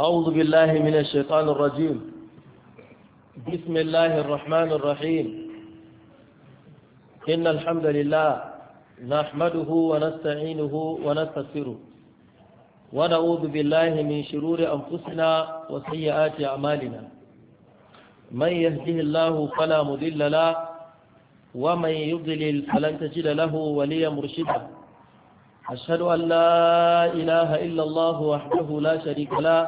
أعوذ بالله من الشيطان الرجيم بسم الله الرحمن الرحيم إن الحمد لله نحمده ونستعينه ونستغفره ونعوذ بالله من شرور أنفسنا وسيئات أعمالنا من يهده الله فلا مذل له ومن يضلل فلن تجد له وليا مرشدا أشهد أن لا إله إلا الله وحده لا شريك له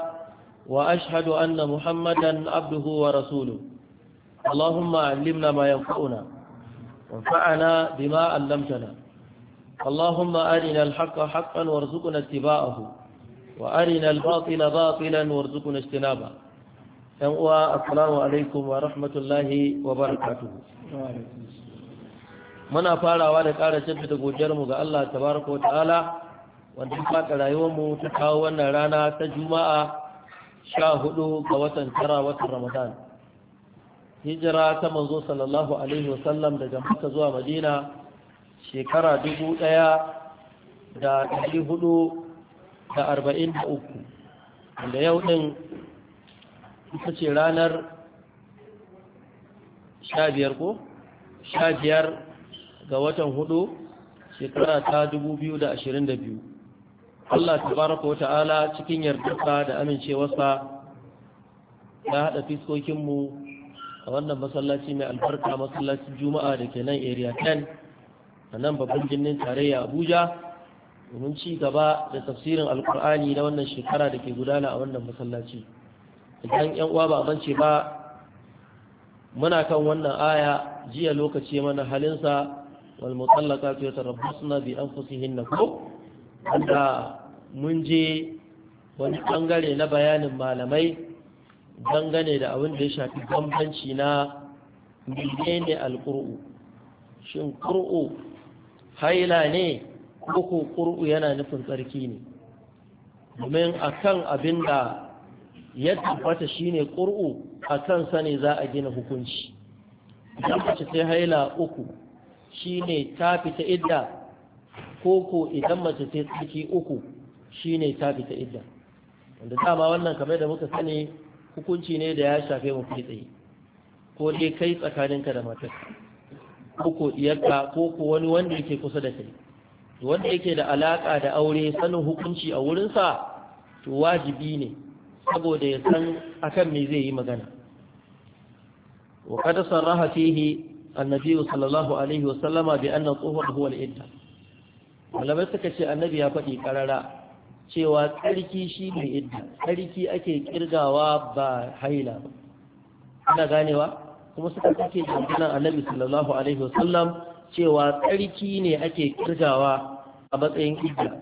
وأشهد أن محمدا عبده ورسوله اللهم علمنا ما ينفعنا وانفعنا بما علمتنا اللهم أرنا الحق حقا وارزقنا اتباعه وأرنا الباطل باطلا وارزقنا اجتنابه yan'uwa assalamu alaikum wa rahmatullahi wa barakatuhu muna farawa da ƙara jaddada godiyarmu ga Allah tabaraka ta'ala wanda ya saka rayuwarmu ta kawo wannan rana ta juma'a sha hudu ga watan tara watan ramadan hijira ta manzo sallallahu alaihi wasallam daga maka zuwa madina shekara dubu daya da dari hudu da arba'in da uku wanda yau din ita ce ranar sha biyar ko sha biyar ga watan hudu shekara ta dubu biyu da ashirin da biyu Allah tabaraka wa ta'ala cikin yardarsa da amincewarsa ya haɗa fiskokinmu a wannan masallaci mai albarka masallacin juma'a da ke nan area 10 a nan babban birnin tarayya abuja domin ci gaba da tafsirin alkur'ani na wannan shekara da ke gudana a wannan masallaci idan yan uwa ba a bance ba muna kan wannan aya jiya lokaci mana halinsa wal mutallaqatu yatarabbasna bi anfusihinna ko wanda mun je wani ɓangare na bayanin malamai dangane da abin da ya shafi bambanci na menene alƙur'u shin ƙur'u haila ne ko ƙur'u yana nufin tsarki ne domin a kan abin da ya tabbata ne ƙur'u a kan ne za a gina hukunci idan mace ta haila uku shi ne ta fita idda Koko idan mace ta tsaki uku shine ta fita idda wanda dama wannan kamar da muka sani hukunci ne da ya shafe mu kai tsaye ko dai kai tsakaninka da matar ko ko koko wani wanda yake kusa da kai wanda yake da alaka da aure sanin hukunci a wurinsa to wajibi ne saboda ya san akan me zai yi magana wa kada sarraha fihi annabi sallallahu alaihi wa sallama bi anna tuhur huwa al malamai suka ce annabi ya faɗi ƙarara cewa tsarki shi ne idda tsarki ake kirgawa ba haila ba ana ganewa kuma suka kake jamfinan annabi sallallahu alaihi wasallam cewa tsarki ne ake kirgawa a matsayin idda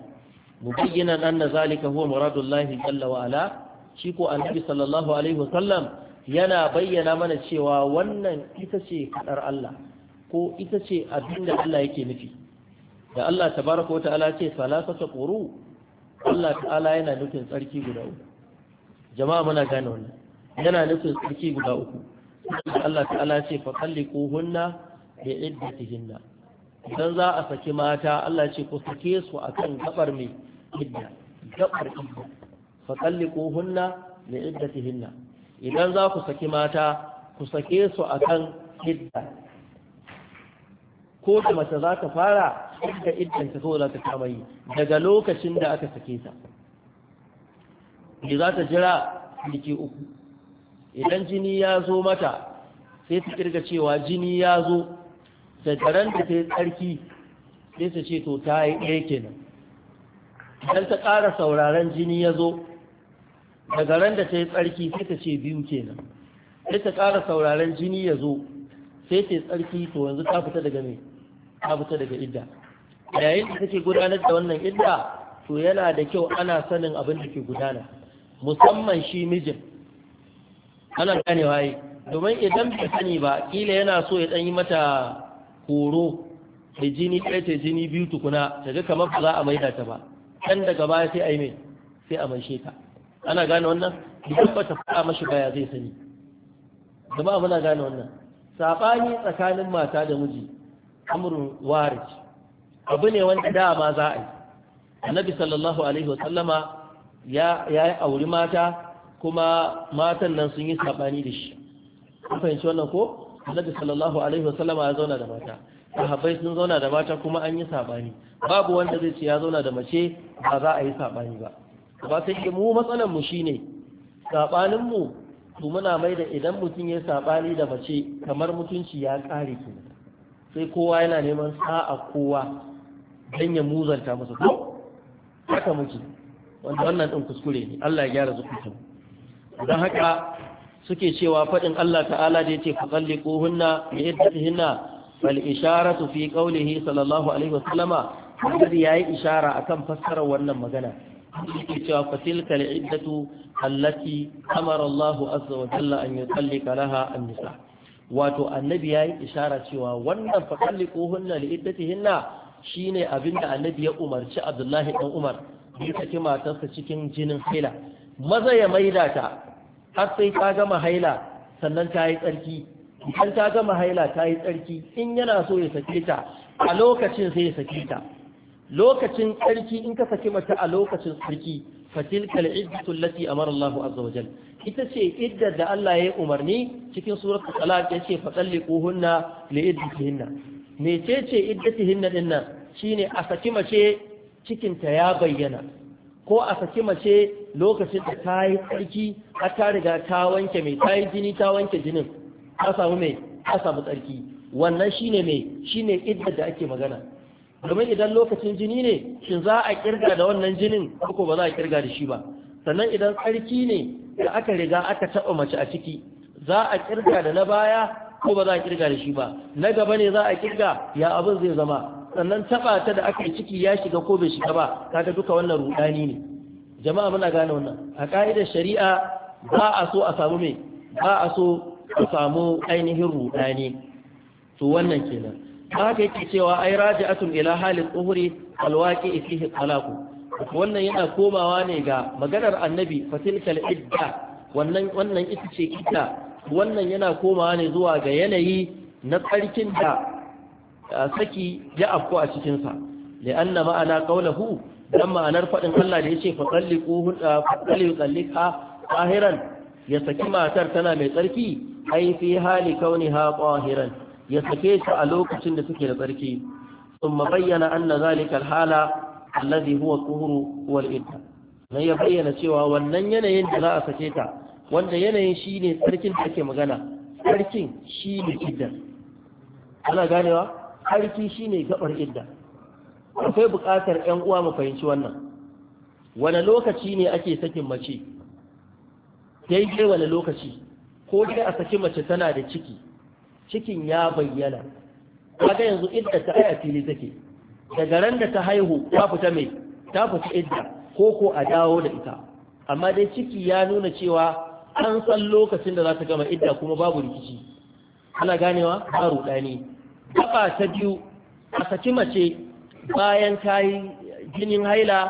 nan na zalika huwa muradullahi jalla wa ala shi ko annabi sallallahu alaihi wasallam yana bayyana mana cewa wannan ita ce kadar Allah ko ita ce abin da Allah yake nufi da Allah baraka wa ta'ala ce salasata quru Allah ala yana nufin tsarki guda uku jama'a muna gane wannan yana nufin tsarki guda uku Allah ta'ala ce fa qalliquhunna ta hinna idan za a saki mata Allah ce ku sake su akan gabar mai idda gabar idda fa qalliquhunna ta hinna idan za ku saki mata ku sake su akan hinna ko da mace za ta fara inda iddanta so za ta kama yi daga lokacin da aka sake ta za ta jira jiki uku idan jini ya zo mata sai ta kirga cewa jini ya zo da daren da ta yi tsarki sai ta ce to ta yi ɗaya nan. idan ta ƙara sauraren jini ya zo daga ran da ta yi tsarki sai ta ce biyu kenan sai ta ƙara sauraren jini ya zo sai ta yi tsarki to yanzu ta fita daga mai ta fita daga idda yayin da take gudanar da wannan idda to yana da kyau ana sanin abin da ke gudana musamman shi mijin ana gane waye domin idan bai sani ba kila yana so ya dan yi mata horo da jini ɗaya ta jini biyu tukuna ta ga kamar ba za a maida ta ba can daga baya sai a yi mai sai a maishe ta ana gane wannan duk ba ta faɗa mashi baya zai sani zama muna gane wannan saɓani tsakanin mata da miji amrun warij abu ne wanda dama za a yi annabi sallallahu alaihi wasallama ya yi auri mata kuma matan nan sun yi sabani da shi an fahimci wannan ko annabi sallallahu alaihi wasallama ya zauna da mata sahabbai sun zauna da mata kuma an yi sabani babu wanda zai ce ya zauna da mace ba za a yi sabani ba ba sai ke mu matsalar mu shine sabanin mu to muna mai da idan mutum ya sabani da mace kamar mutunci ya kare kenan sai kowa yana neman sa'a kowa don ya muzanta masa ko haka muke wanda wannan ɗin kuskure ne Allah ya gyara zukutun don haka suke cewa faɗin Allah ta'ala da ya ce fasalli ƙohunna mai yadda hinna fal'ishara su fi qawlihi sallallahu alaihi wasallama hadari yi ishara akan fassarar wannan magana suke cewa fatilka al'iddatu allati amara Allahu azza wa jalla an yutallika laha an wato annabi ya yi ishara cewa wannan fakalliko hunna li iddati hinna shine abinda annabi ya umarci abdullahi dan umar ya saki matarsa cikin jinin haila maza ya maida ta har sai ta gama haila sannan ta yi tsarki idan ta gama haila ta yi tsarki in yana so ya sake ta a lokacin sai ya sake ta lokacin tsarki in ka saki mace a lokacin tsarki fatilkal iddatu a amara Allah azza wajal ita ce iddar da Allah ya yi umarni cikin suratul talaq yace ce ce iddatihinna mecece iddatihinna dinnan ne a saki mace cikinta ya bayyana ko a saki mace lokacin da ta yi tsarki har ta riga ta wanke mai ta yi jini ta wanke jinin ta samu mai ta samu tsarki wannan shine mai shine iddar da ake magana domin idan lokacin jini ne shin za a kirga da wannan jinin ko ba za a kirga da shi ba sannan idan tsarki ne da aka riga aka taba mace a ciki za a kirga da na baya ko ba za a kirga da shi ba na gaba ne za a kirga ya abin zai zama sannan taba ta da aka yi ciki ya shiga ko bai shiga ba kaga duka wannan rudani ne jama'a muna gane wannan a ka'idar shari'a ba a so a samu mai ba a so a samu ainihin rudani to wannan kenan haka yake cewa ai raji'atun ila halin uhuri alwaqi fihi talaqu wannan yana komawa ne ga maganar annabi fatilkal idda wannan wannan ita ce idda wannan yana komawa ne zuwa ga yanayi na tsarkin da saki ya afko a cikin sa li'anna ma'ana qawluhu dan ma'anar fadin Allah da yace fatalliquhu fatalliqa qahiran ya saki matar tana mai tsarki ai fi hali kauniha qahiran ya sake shi a lokacin da suke da tsarki ma bayyana anna zalika alhala alladhi huwa tuhuru wal idda na ya bayyana cewa wannan yanayin da za a sake ta wanda yanayin shine tsarkin da ake magana tsarkin shine idda ana ganewa tsarki shine gabar idda akwai buƙatar ƴan uwa mu fahimci wannan wani lokaci ne ake sakin mace daidai wani lokaci ko dai a saki mace tana da ciki cikin ya bayyana kaga yanzu idda ta aya fili take daga ran da ta haihu ta fita mai ta fita idda ko ko a dawo da ita amma dai ciki ya nuna cewa an san lokacin da za ta gama idda kuma babu rikici ana ganewa ba rudani gaba ta biyu a saki mace bayan ta yi jinin haila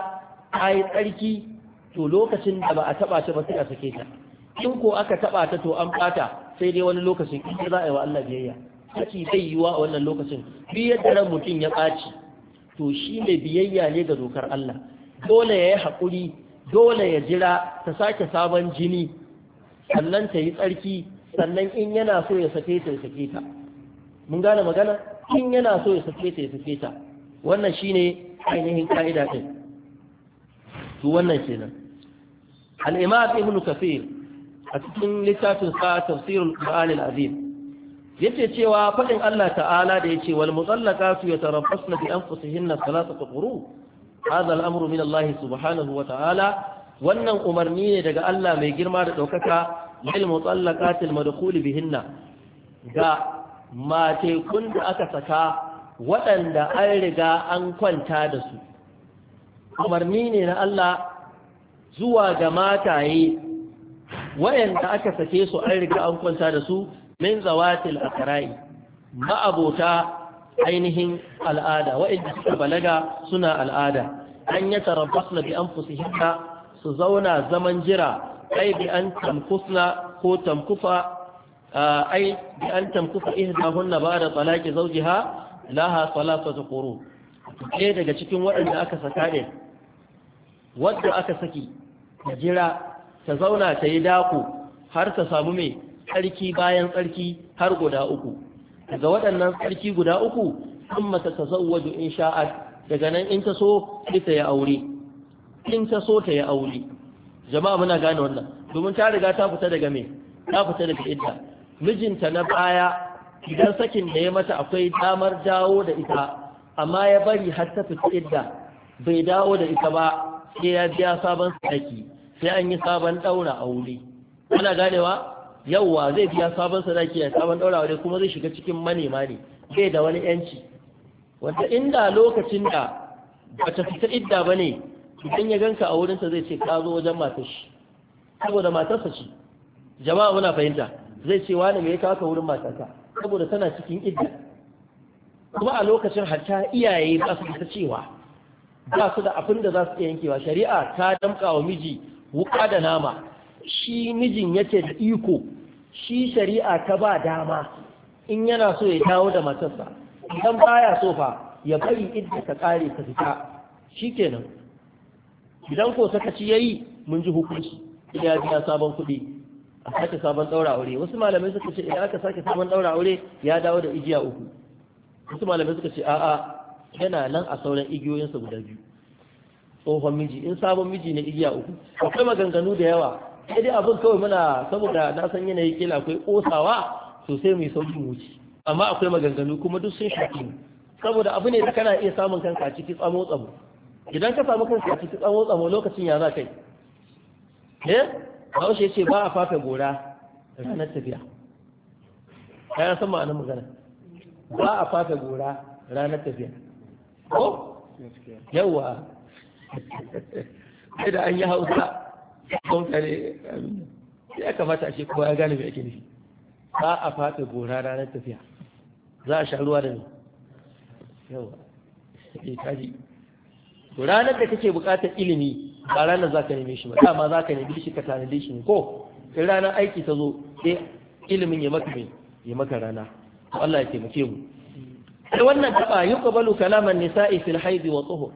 ta yi tsarki to lokacin da ba a taba ta ba sai a sake ta in ko aka taba ta to an bata sai dai wani lokacin in za a yi wa Allah biyayya Haki zai yi wa a wannan lokacin bi yadda ran mutum ya ɓaci to shi mai biyayya ne ga dokar Allah dole ya yi haƙuri dole ya jira ta sake sabon jini sannan ta yi tsarki sannan in yana so ya sake ta ya sake ta mun gane magana in yana so ya sake ta ya sake ta wannan shine ainihin ka'ida ɗin to wannan kenan al-imam ibn kafir a cikin littafin sa tafsirul qur'an al-azim yace cewa fadin Allah ta'ala da yace wal mutallaqatu yatarabbasna bi anfusihinna thalathata quru hadha al-amru min Allah subhanahu wa ta'ala wannan umarni ne daga Allah mai girma da daukaka lil mutallaqati al-madkhul bihinna ga mate kun da aka saka waɗanda an riga an kwanta da su umarni ne na Allah zuwa ga mataye wayanda aka sake su an riga an kwanta da su min zawatil akrai ma'abota ainihin al'ada wayanda suka balaga suna al'ada an yatarabbasna bi anfusihinna su zauna zaman jira ai bi an tamkusna ko tamkufa ai bi an tamkufa ihdahunna ba'da talaqi zawjiha laha salasatu qurun ɗaya daga cikin waɗanda aka saka ne wadda aka saki jira ta zauna ta yi daku har ta samu mai tsarki bayan tsarki har guda uku daga waɗannan tsarki guda uku sun mata ta da in sha'ad daga nan in ta so ta ya aure in ta so ta ya aure jama'a muna gane wannan domin ta riga ta fita daga mai ta fita daga idda mijinta na baya idan sakin da ya mata akwai damar dawo da ita amma ya bari har ta fita idda bai dawo da ita ba sai ya biya sabon tsaki sai an yi sabon daura wuri. ana ganewa yawwa zai fiya sabon sadaki ya sabon daura wuri kuma zai shiga cikin manema ne bai da wani yanci wanda inda lokacin da bata fita idda ba ne idan ya ganka a wurinsa zai ce ka zo wajen matar shi saboda matarsa ce jama'a muna fahimta zai ce wani me ya kawo ka wurin matarsa saboda tana cikin idda kuma a lokacin hatta iyaye ba su da cewa ba su da abin da za su iya yankewa shari'a ta damƙa wa miji wuka da nama shi mijin yake da iko shi shari'a ta ba dama in yana so ya dawo da matarsa idan baya so fa ya bari idda ta kare ta fita shikenan idan ko sakaci yayi mun ji hukunci ya biya sabon kuɗi a sake sabon daura aure wasu malamai suka ce idan aka sake sabon daura aure ya dawo da igiya uku wasu malamai suka ce a'a yana nan a sauran igiyoyinsa guda biyu tsohon miji in sabon miji ne igiya uku akwai maganganu da yawa sai dai abin kawai muna saboda na san yanayi kila akwai kosawa sosai mai saukin wuce amma akwai maganganu kuma duk sun shafi saboda abu ne da kana iya samun kanka a ciki tsamo tsamo idan ka samu kanka a ciki tsamo tsamo lokacin ya za kai eh Bahaushe ce ba a fafe gora ranar tafiya ya san ma'anar magana ba a fafe gora ranar tafiya ko yawwa sai da an yi hausa don kare um, ya kamata a ce kowa ya gane mai ake nufi ba a fata gora ranar tafiya za a sha ruwa da ne yawa ne eh, kaji ranar da kake bukatar ilimi ba ranar za ka neme shi ba dama za ka neme shi ka tanadi shi ne ko in ranar aiki ta zo sai ilimin ya maka ya maka rana Allah ya taimake mu sai wannan taba yuqbalu kalaman nisa'i fil haidi wa tuhur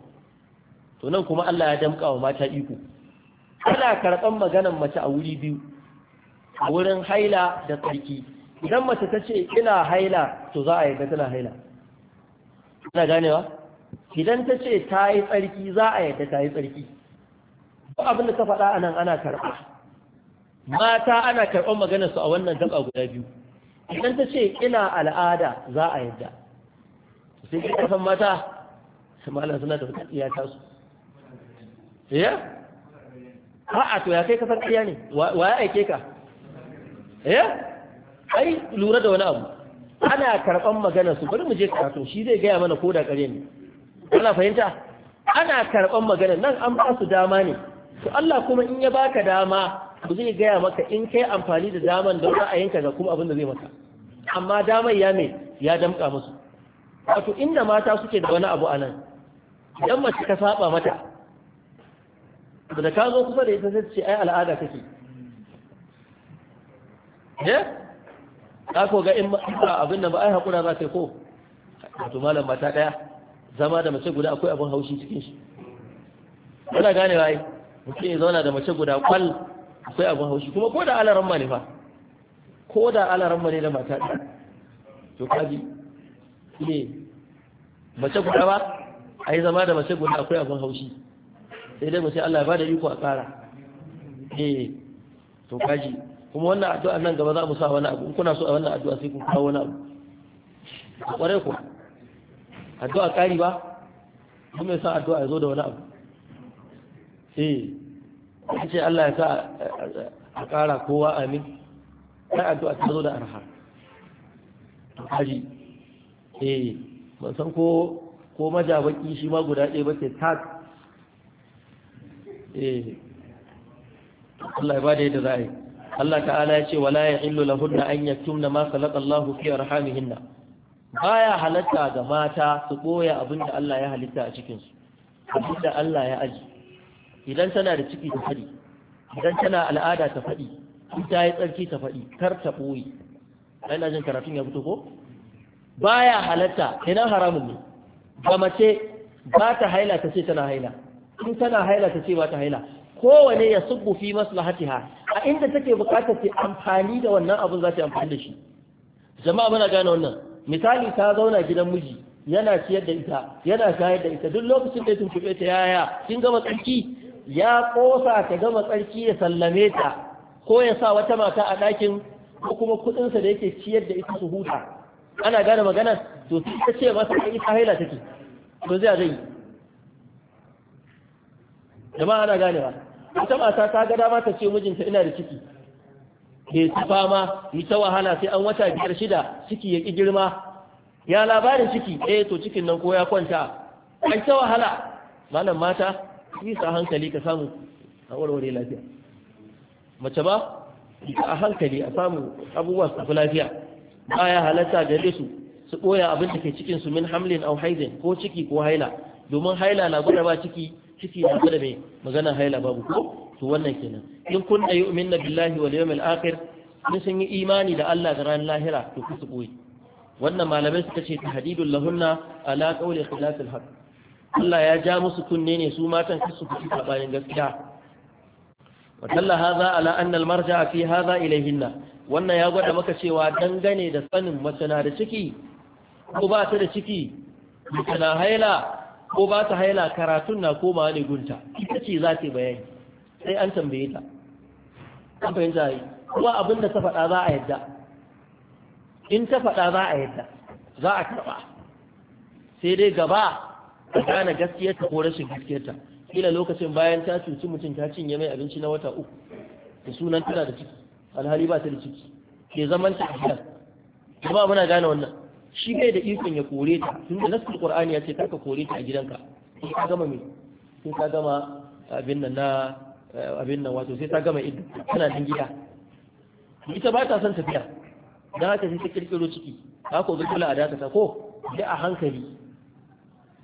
to nan kuma Allah ya damƙa wa mata iko ana karɓar maganar mace a wuri biyu a wurin haila da tsarki idan mace ta ce ina haila to za a yadda tana haila ana ganewa idan ta ce ta yi tsarki za a yadda ta yi tsarki ko abin da ta faɗa a nan ana karɓa mata ana karɓar maganarsu a wannan gaba guda biyu idan ta ce ina al'ada za a yadda sai ka san mata su malam suna da wata iyaka su ya eh? a'a to ya kai kasar ne wa ya aike ka ya eh? ai lura da wani abu ana karɓar magana su bari mu je karatu shi zai gaya mana ko da ƙarya ne kana fahimta ana karɓar magana nan an ba su dama ne to Allah kuma in ya baka dama ba zai gaya maka in kai amfani da daman da yanka ga kuma abin da zai maka amma damar ya mai ya damƙa musu wato inda mata suke da wani abu a nan idan mace ka saba mata da ka zo kusa da ita sai ce ai al'ada take ne eh? ka ko ga in ba abin nan ba ai hakura za ta ko wato malam mata daya zama da mace guda akwai abin haushi cikin shi kana gane wai mutum ya zauna da mace guda kwal akwai abin haushi kuma ko da alaran ma ne fa ko da alaran ma ne da mata daya to kaji ne mace guda ba ai zama da mace guda akwai abin haushi sai dai mace Allah ya bada iko a ƙara eh to kaji kuma wannan addu'a nan gaba za mu sa wani abu kuna so a wannan addu'a sai kun kawo wani abu kware ku addu'a kari ba kuma mai sa addu'a ya zo da wani abu eh sai ce Allah ya sa a ƙara kowa amin sai addu'a ta zo da arha To kaji eh ban san ko ko majabaki shi ma guda ɗaya ba ce tak Eh. Allah ba da yadda za a yi Allah ta'ala ya ce wala ya illu lahunna an yaktumna ma khalaqa Allahu fi arhamihinna baya halatta ga mata su koya abinda Allah ya halitta a cikin su abinda Allah ya aji idan tana da ciki ta fadi idan tana al'ada ta fadi in ta yi tsarki ta fadi kar ta boye ina jin karatun ya fito ko baya halatta ina haramun ne ga mace ba ta haila ta ce tana haila in tana haila ta ce ba ta haila kowane ya subbu fi maslahatiha a inda take bukatar ta amfani da wannan abin za ta amfani da shi jama'a muna gane wannan misali ta zauna gidan miji yana ciyar da ita yana shayar da ita duk lokacin da ya tuntuɓe ta yaya kin gama tsarki ya kosa ta gama tsarki ya sallame ta ko ya sa wata mata a ɗakin ko kuma kuɗinsa da yake ciyar da ita su huta ana gane magana? to sai ta ce masa ai ta haila take to zai zai jama'a ana ganewa ita mata ta ga dama ta ce mijinta ina da ciki ke su fama yi wahala sai an wata biyar shida ciki ya ƙi girma ya labarin ciki eh to cikin nan ko ya kwanta an ta wahala malam mata yi sa hankali ka samu a warware lafiya mace ba a hankali a samu abubuwa su tafi lafiya ba ya halatta gare su su ɓoya abin da ke cikin su min hamlin au haizin ko ciki ko haila domin haila na gwada ciki ciki na da mai magana haila babu ko to wannan kenan in kun da yu'min billahi wa yawmil akhir in sun yi imani da Allah da ranar lahira to ku su boye wannan malamai suka ce tahdidul lahunna ala qawli khilafil haqq Allah ya ja musu kunne ne su matan kasu ku bayan gaskiya wa talla hadha ala anna al haza fi hadha ilayhinna wannan ya gwada maka cewa dangane da sanin mace na da ciki ko ba ta da ciki mace na haila ko ba ta haila karatun na koma ne gunta ita ce za ta bayani sai an tambaye ta kan fahimta yi kuma abin da ta faɗa za a yadda in ta faɗa za a yadda za a karɓa sai dai gaba a gane gaskiyarta ko rashin gaskiyarta kila lokacin bayan ta cuci mutum ta cinye mai abinci na wata uku da sunan tana da ciki alhali ba ta da ciki ke zaman ta a gidan kuma muna gane wannan shi bai da ikon ya kore ta tun da nasu qur'ani ya ce ka kore ta a gidanka sai ka gama me sai ka gama abin nan na abin wato sai ta gama idda tana nan gida ita ba ta son tafiya dan haka sai ta kirkiro ciki ka ko zurfula a ta, ko sai a hankali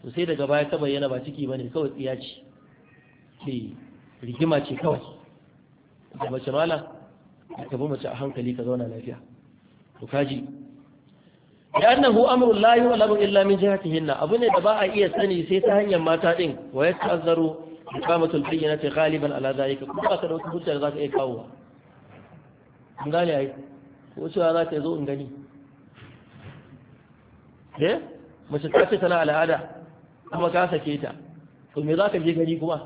to sai daga baya ta bayyana ba ciki bane kawai tsiya ce ke rigima ce kawai da mace mala ka bi mace a hankali ka zauna lafiya to kaji لأنه أمر لا يعلم a من جهتهن أبن دباء إيساني سيتهن يماتا إن ويتأذر إقامة البينة غالبا على ذلك كما تدعو كبتا ذاك إيقاوها ka ai wasu za ta zo in gani Me? mace ta ce tana al'ada kuma ka sake ta to me za ka je gani kuma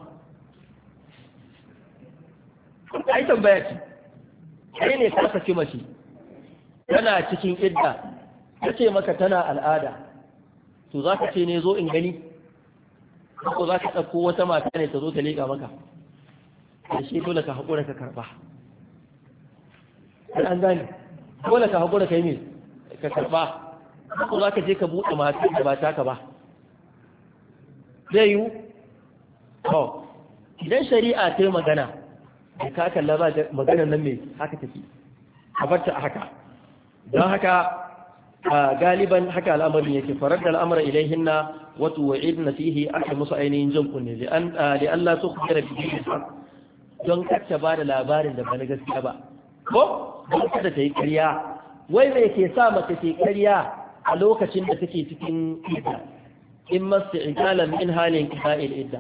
ai tambaya ce kai ne ka sake mace tana cikin idda ta ce maka tana al'ada to za ka ce ne zo in gani ko za ka ɗauko wata mata ne ta zo ta leƙa maka da shi dole ka haƙura ka karɓa Sai an gane dole ka haƙura ka yi mai ka karɓa ko za ka je ka buɗe mata da ba taka ba zai yiwu to idan shari'a ta yi magana da ka kalla ba maganar nan ne haka tafi a barta a haka don haka galiban haka al'amarin yake faradda al'amara ilaihinna wa tu'idna fihi aka musu ainihin jin kunne li Allah su kira don kacce ba da labarin da bani gaskiya ba ko don kada ta yi karya. wai me ke sa mace ta yi karya a lokacin da take cikin idda in masu ijalan min halin kisa'il idda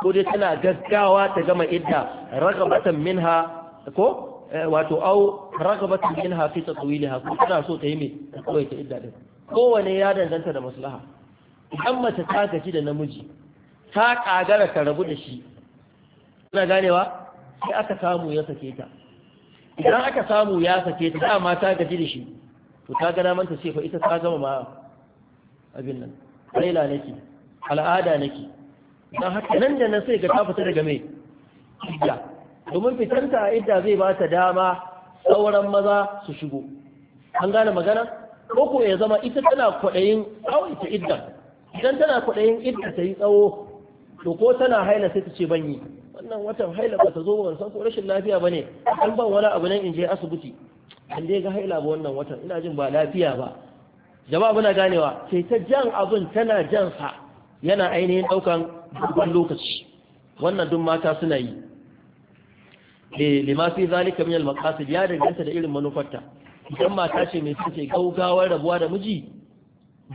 ko dai tana gaggawa ta gama idda ragabatan minha ko Eh, wato au ragabatin min hafi ta tsawili ha kuma tana so ta yi mai kawai ta idda din kowane ya danganta da maslaha idan mace ta gaji da namiji ta kagara ta rabu da shi kana ganewa sai aka samu ya sake ta idan aka samu ya sake ta dama ta gaji da shi to ta gana manta ce fa ita ta gama ma abin nan laila nake al'ada nake dan haka nan da nan sai ga ta fita daga mai idda domin fitanta a idda zai ba ta dama sauran maza su shigo an gane magana ko ya zama ita tana kwaɗayin tsawaita idda idan tana kwaɗayin idda ta yi tsawo to ko tana haila sai ta ce ban yi wannan watan haila ba ta zo ba san ko rashin lafiya ba ne an ban wani abu nan in je asibiti an dai ga haila ba wannan watan ina jin ba lafiya ba jama'a muna ganewa sai ta jan abin tana jan sa yana ainihin ɗaukan dubban lokaci wannan duk mata suna yi lima fi zalika min al-maqasid ya danganta da irin manufarta idan mata ce mai take gaugawar rabuwa da miji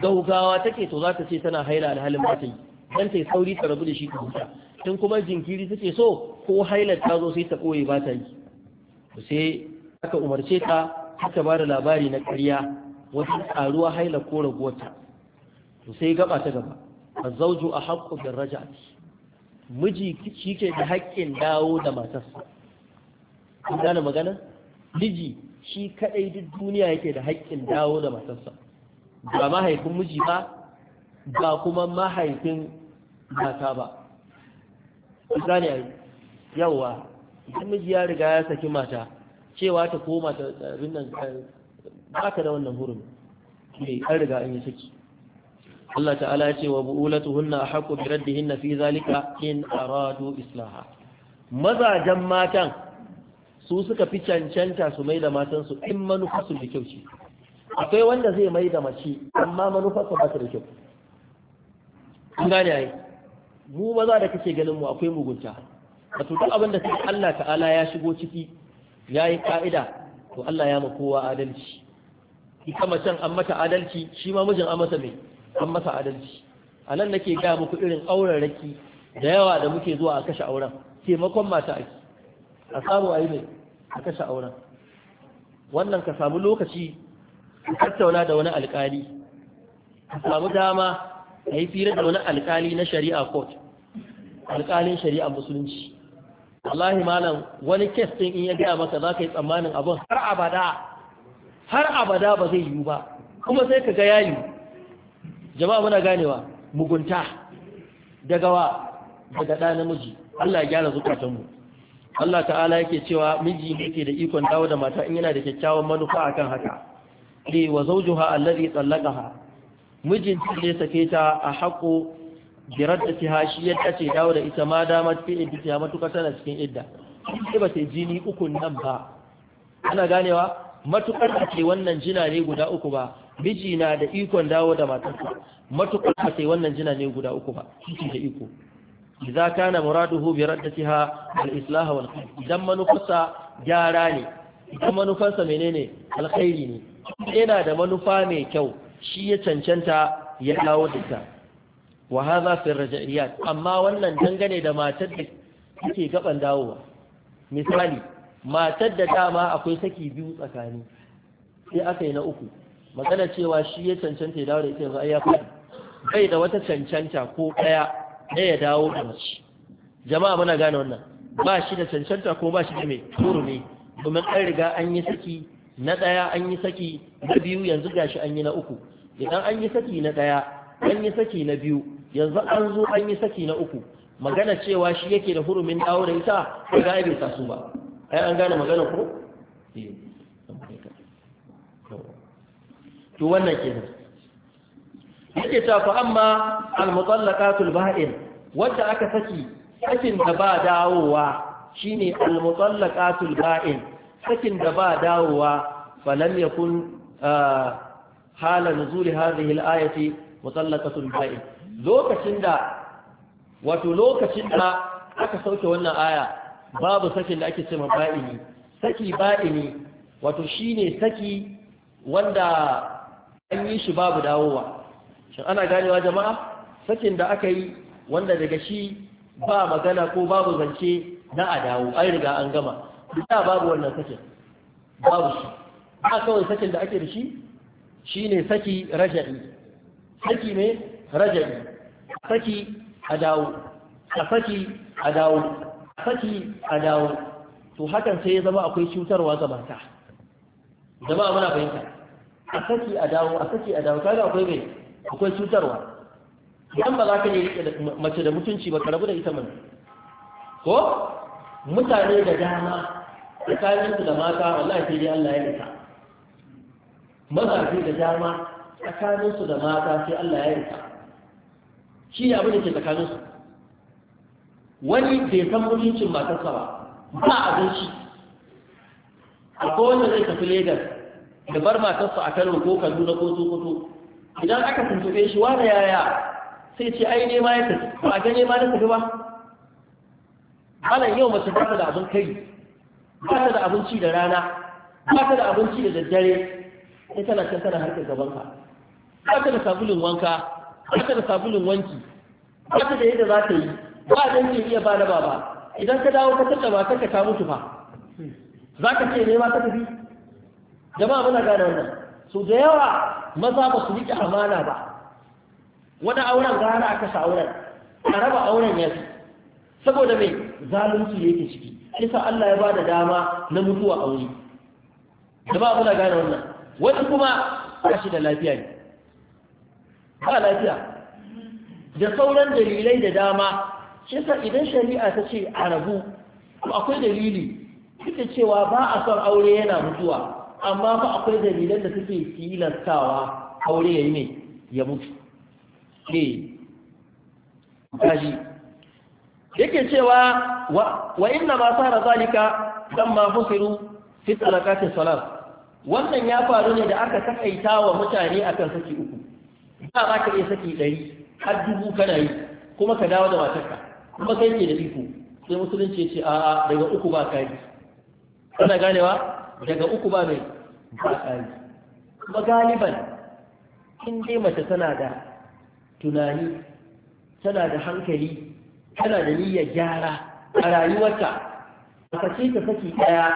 gaugawa take to za ta ce tana haila alhalin ba ta yi dan ta sauri ta rabu da shi ta huta tun kuma jinkiri take so ko haila ta zo sai ta koye ba ta yi to sai aka umarce ta aka ba da labari na ƙarya wata ƙaruwa hailar ko ta to sai gaba ta gaba zaujo a haƙƙo bin miji shi ke da haƙƙin dawo da matarsa kun gane magana miji shi kadai duk duniya yake da haƙƙin dawo da matarsa ba mahaifin miji ba ba kuma mahaifin mata ba kun gane yawa idan miji ya riga ya saki mata cewa ta koma ta abin nan ba ka da wannan hurumi ke an riga an yi saki Allah ta'ala ya ce wa bu'ulatuhunna ahqqu bi raddihinna fi zalika in aradu islaha mazajan matan su suka fi cancanta su mai da matansu in manufarsu da kyau ce akwai wanda zai mai da mace amma manufarsa ba su da kyau an gane yi? mu maza da kake ganin mu akwai mugunta a duk abin da Allah ta'ala ya shigo ciki ya yi ka'ida to Allah ya ma kowa adalci ita macen an mata adalci shi ma mijin an mata mai an mata adalci a nan nake gaya muku irin auren raki da yawa da muke zuwa a kashe auren taimakon mata ake a samu a yi ne a kashe auren wannan ka samu lokaci ka tattauna da wani alkali ka samu dama a yi fira da wani alkali na shari'a court alkalin shari'a musulunci wallahi malam wani kes din in ya gaya maka za ka yi tsammanin abin har abada har abada ba zai yiwu ba kuma sai ka ga yayi jama'a muna ganewa mugunta daga wa daga ɗa namiji Allah ya gyara zukatanmu Allah ta'ala yake cewa miji yake da ikon dawo da mata in yana da kyakkyawan manufa akan haka li wa zawjuha allazi tallaqaha mijin da ya sake ta a haƙo birar da ta shi ya tace dawo da ita ma da ta idda ta matuka tana cikin idda sai ba sai jini uku nan ba ana ganewa matukar a ce wannan jina ne guda uku ba miji na da ikon dawo da matarsa matukar a wannan jina ne guda uku ba shi da iko idza kana muraduhu bi raddatiha al-islah wal khair idan manufarsa gyara ne idan manufarsa menene alkhairi ne yana da manufa mai kyau shi ya cancanta ya dawo da ta wa hadha fi raj'iyat amma wannan dangane da matar da take gaban dawowa misali matar da dama akwai saki biyu tsakani sai aka yi na uku magana cewa shi ya cancanta ya dawo da ita yanzu ai ya faɗi bai da wata cancanta ko ɗaya ɗaya ya dawo da mace jama'a muna gane wannan ba shi da cancanta ko ba shi da mai ne. domin an riga an yi saki na ɗaya an yi saki na biyu yanzu gashi an yi na uku idan an yi saki na ɗaya an yi saki na biyu yanzu an zo an yi saki na uku magana cewa shi yake da hurumin dawo da ita ko ga ibi tasu ba ai an gane magana ko eh. to wannan kenan yake ta fa amma al ba'in wanda aka saki sakin da ba dawowa shine al-mutallaqatul ba'in sakin da ba dawowa falam yakun ah, hala nuzuli hadhihi al mutallaqatul ba'in lokacin da wato lokacin da aka sauke wannan aya babu sakin da ake cewa ba'ini saki ba'ini wato shine saki wanda an yi shi babu dawowa shin ana ganewa jama'a sakin da aka yi wanda daga shi ba magana ko babu zance na a dawo riga an gama da babu wannan sakin babu shi ba kawai sakin da ake da shi shine saki raja'i saki ne raja'i saki a dawo a saki a dawo a saki a dawo to hakan sai ya zama akwai cutarwa ga mata jama'a muna fahimta a saki a dawo a saki a dawo kaga akwai mai akwai cutarwa idan ba za ka ne mace da mutunci ba ka rabu da ita mana ko mutane da dama da kayan da mata wallahi sai dai Allah ya rika mazafi da dama tsakanin su da mata sai Allah ya rika shi ne abin da ke tsakanin su wani bai san mutuncin matarsa ba ba abinci akwai wanda zai tafi Legas da bar matarsa a Kano ko Kaduna ko Sokoto idan aka tuntube shi wani yaya sai ce ai nema ya tafi ba a ga nema na tafi ba malam yau mace ba ta da abin kai ba ta da abinci da rana ba ta da abinci da daddare sai tana can tana harkar gabanka ba ta da sabulun wanka ba ta da sabulun wanki ba ta da yadda za ta yi ba a ke iya ba na baba idan ka dawo ka tada ba ka ta mutu fa za ka ce nema ta tafi jama'a muna gane wannan so da yawa maza ba su riƙe amana ba wani auren gara a kashe auren a raba auren ya saboda mai zalunci yake ciki isa Allah ya ba da dama na mutuwa a wuri. da ba kuna gane wannan wani kuma ba da lafiya ne ba lafiya da sauran dalilai da dama shi sa idan shari'a ta ce a rabu akwai dalili duk da cewa ba a son aure yana mutuwa amma fa akwai dalilan da suke tilastawa aure yayi ne ya mutu eh kaji yake cewa wa inna ma sara zalika ma fusiru fi talaqati salat wannan ya faru ne da aka takaita wa mutane akan saki uku ba za ka iya saki ɗari har dubu kana yi kuma ka dawo da matarka kuma kai ke da iko sai musulunci ya ce a'a daga uku ba ka yi kana ganewa daga uku ba mai ba ƙari kuma galiban in dai mace tana da tunani tana da hankali tana da niyya gyara a rayuwarta a sake ta saki ɗaya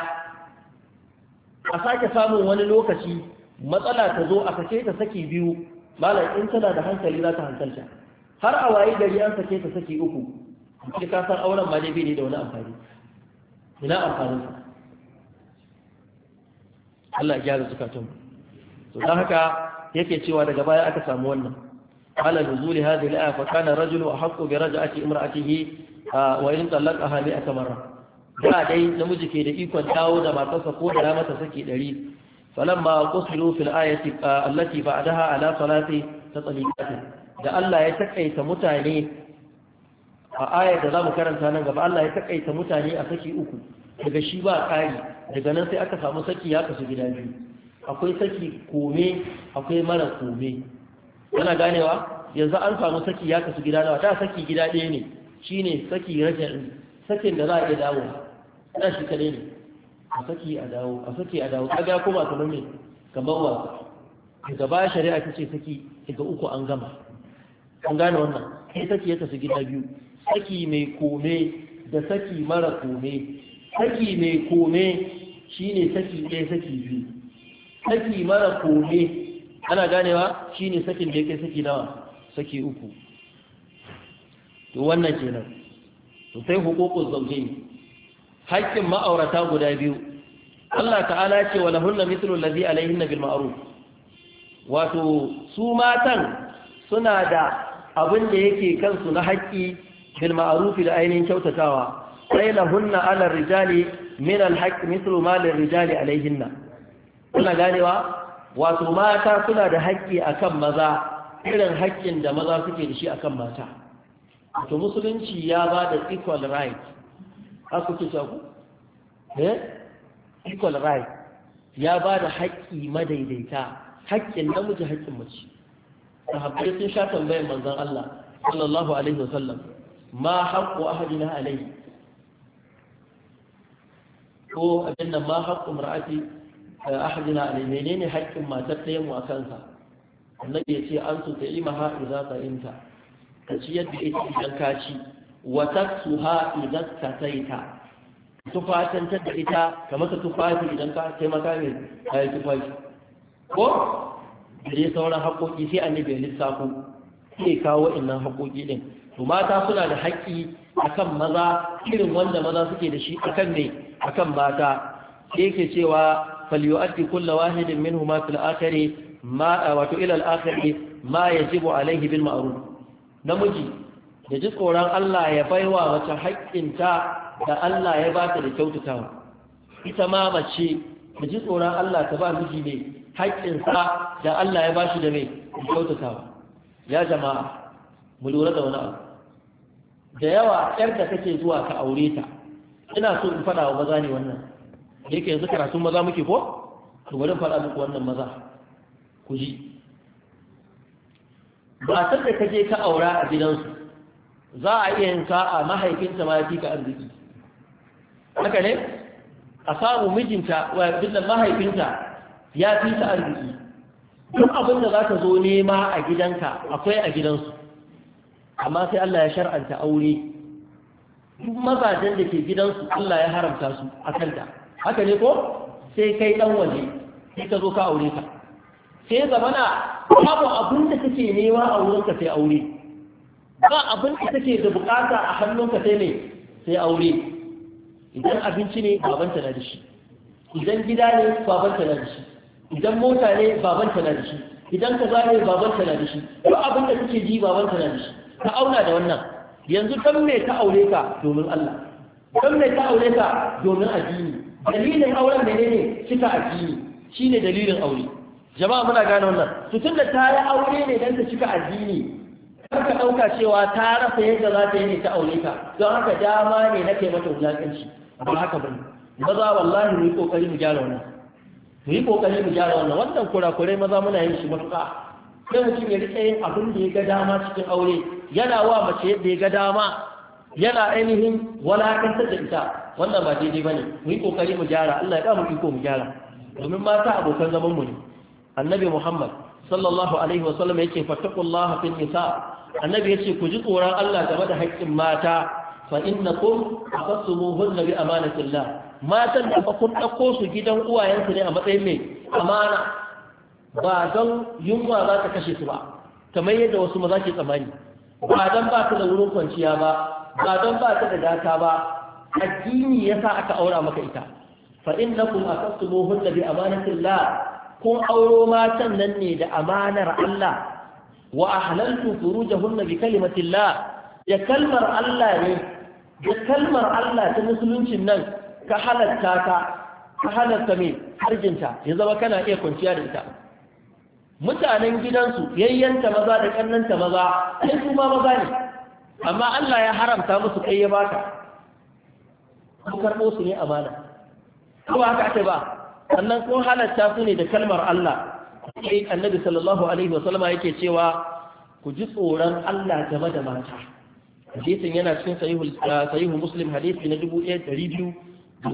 a sake samun wani lokaci matsala ta zo a sake ta saki biyu malam in tana da hankali za ta hankalta har a waye gari an sake ta saki uku shi ka san auren ma dai bai da wani amfani ina amfanin sa Allah ya gyara zukatun to dan haka yake cewa daga baya aka samu wannan ala nuzuli hadhihi al-aya fa kana rajulu ahqqu bi raj'ati imra'atihi wa in talaqaha li atamara da dai namiji ke da ikon dawo da matarsa ko da mata saki 100 falamma qusilu fil ayati allati ba'daha ala salati tatliqati da Allah ya takaita mutane a ayar da zamu karanta nan gaba Allah ya takaita mutane a saki uku daga shi ba ƙari daga nan sai aka samu saki ya kasu gida biyu akwai saki kome akwai mara kome yana ganewa yanzu an samu saki ya kasu gida nawa da saki gida ɗaya ne Shi ne saki rashin sakin da za a iya dawo da shi kare ne a saki a dawo a saki a dawo kaga kuma kamar me kamar wa daga ba shari'a ta ce saki daga uku an gama an gane wannan sai saki ya kasu gida biyu saki mai kome da saki mara kome saki mai kome Shi ne saki ɗaya saki biyu saki mara kome ana ganewa ne sakin da ya kai saki nawa saki uku to wannan kenan to sai hukukun ne. haƙƙin ma'aurata guda biyu Allah ta'ala ce wa lahunna mithlu allazi alaihinna bil ma'ruf wato su matan suna da abin da yake kansu na haƙƙi bil ma'ruf da ainihin kyautatawa sai lahunna ala rijali min alhaq mislu ma Rijali alaihinna kuna ganewa wato mata suna da haƙƙi akan maza irin haƙƙin da maza suke da shi akan mata wato musulunci ya ba da equal right haka kuke ku eh equal right ya ba da haƙƙi madaidaita haƙƙin namiji haƙƙin mace sahabbai sun sha tambayar manzon Allah sallallahu alaihi wasallam ma haqqu ahadina alaihi ko abin nan ma haƙƙun a eh, ahadina ne menene haƙƙin matar ɗaya mu a kansa annabi ya ce an su ta ima ha iza ka inta ka ci yadda ita idan ka ci wa su ha idan ka ta. tufatantar da ita ka masa tufafi idan ka taimaka mai kayan tufafi ko da dai sauran haƙƙoƙi sai annabi ya lissafo sai kawo wa'annan haƙƙoƙi ɗin to mata suna da haƙƙi akan maza irin wanda maza suke da shi akan ne akan mata sai yake cewa falyu'addi kullu wahidin minhuma fil akhiri ma wato ila al akhiri ma yajibu alaihi bil ma'ruf namiji da ji tsoron Allah ya baiwa wata haƙƙinta da Allah ya ba ta da kyautatawa ita ma mace da ji tsoron Allah ta ba miji ne haƙƙinsa da Allah ya ba shi da mai kyautatawa ya jama'a mu lura da wani abu da yawa yar da zuwa ka aure ta ina so in faɗa wa maza ne wannan da yake yanzu karatun maza muke ko to bari faɗa muku wannan maza ku ji ba san da kaje ka aura a gidansu za a iya yin sa'a mahaifinta ma ya fi ka arziki haka ne a samu mijinta wa billan mahaifinta ya fi ta arziki duk abin da za ka zo nema a gidanka akwai a gidansu amma sai Allah ya shar'anta aure duk mazajen da ke gidansu Allah ya haramta su a kanta haka ne ko sai kai dan waje sai ka zo ka aure ka sai zamana babu abin da kake nema a wurinka sai aure ba abin da kake da bukata a hannunka sai ne sai aure idan abinci ne babanta na da shi idan gida ne babanta na da shi idan mota ne babanta na da shi idan kaza ne babanta na da shi duk abin da kake ji babanta na da shi ka auna da wannan yanzu dan me ka aure ka domin Allah dan me ka aure ka domin addini dalilin auren ne cika addini shi ne dalilin aure jama'a muna gane wannan to da ta yi aure ne dan ta cika addini kar ka dauka cewa ta rasa yadda za ta yi ne ta aure ka don haka dama ne na kai mata wulakanci ba haka ba maza wallahi mu yi mu gyara wannan mu yi ƙoƙari mu gyara wannan wannan kurakurai maza muna yin shi matuƙa sai mutum ya rika yin abin da ya ga dama cikin aure yana wa mace yadda ya ga dama yana ainihin walakantar da ita wannan ba daidai ne. mu yi kokari mu gyara Allah ya mu iko mu gyara domin mata abokan zaman mu ne annabi Muhammad sallallahu alaihi wa sallam yake fattaqullaha fil nisa annabi ya ce, ku ji tsoron Allah game da haƙƙin mata fa innakum aqsumuhunna bi amanatillah matan da kun dauko su gidan uwayensu ne a matsayin mai amana ba don yunwa za ta kashe su ba kamar yadda wasu maza ke tsamani ba don ba ta da wurin kwanciya ba ba don ba ta da gata ba addini ya sa aka aura maka ita fa innakum aqtumuhunna bi amanatillah kun auro matan nan ne da amanar Allah wa ahlaltu furujahunna bi kalimatillah Ya kalmar Allah ne Ya kalmar Allah ta musuluncin nan ka halarta ka ka mai harjinta ya zama kana iya kwanciya da ita mutanen gidansu yayyanta maza da kannanta maza ai su ma maza ne amma Allah ya haramta musu kai ya baka ku karɓo su ne amana ko ba haka ake ba sannan kun halatta su ne da kalmar Allah sai annabi sallallahu alaihi wasallama yake cewa ku ji tsoron Allah game da mata hadisin yana cikin sahihul ah, sahihul muslim hadisi na 1218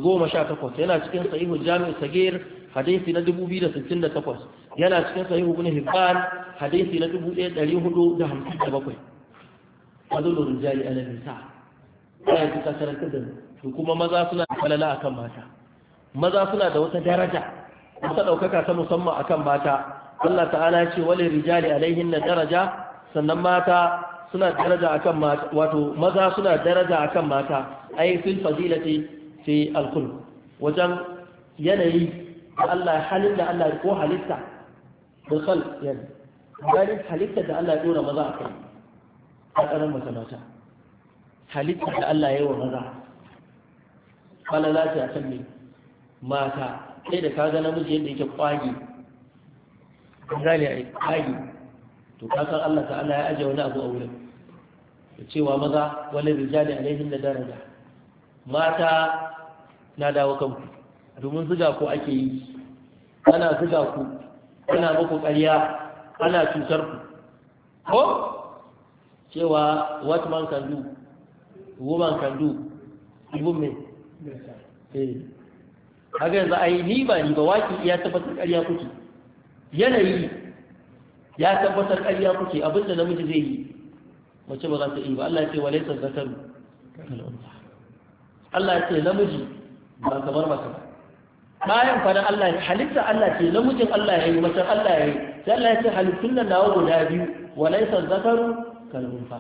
yana cikin sahihul jami'u sagir hadisi na 2068 yana cikin sahihu ibn hibban hadisi na 1457 fadlul rijali ala nisa ya ci kasarantar da su kuma maza suna da falala akan mata maza suna da wata daraja wata daukaka ta musamman akan mata Allah ta'ala ce wal rijali alaihin daraja sannan mata suna daraja akan mata wato maza suna daraja akan mata ai fil fadilati fi al-khulq wajen yanayi da Allah halin da Allah ko halitta bil khalq yan halitta da Allah ya dora maza a kai a karan mace mata halitta da Allah ya yi wa maza kala za ta ne mata sai da kaga namiji yadda yake kwagi gani ai kwagi to ka san Allah ta'ala ya aje wani abu a wurin da cewa maza wani rijali laifin da daraja mata na dawo kanku domin zuga ku ake yi ana zuga ku ana muku ƙarya ana cutar ku ko cewa what man can do woman can do ibun me eh haka yanzu ai ni ba ni ba waki ya tabbatar ƙarya kuke yanayi ya tabbatar ƙarya kuke abinda namiji zai yi mace ba za ta yi ba Allah ya ce walaysa zakaru Allah ya ce namiji ba kamar mace ba kayan fa Allah ne halitta Allah ce namijin Allah ya yi, mace Allah yi sai Allah ya ce halittun nan nawa guda biyu walaysa zakaru kan rumfa.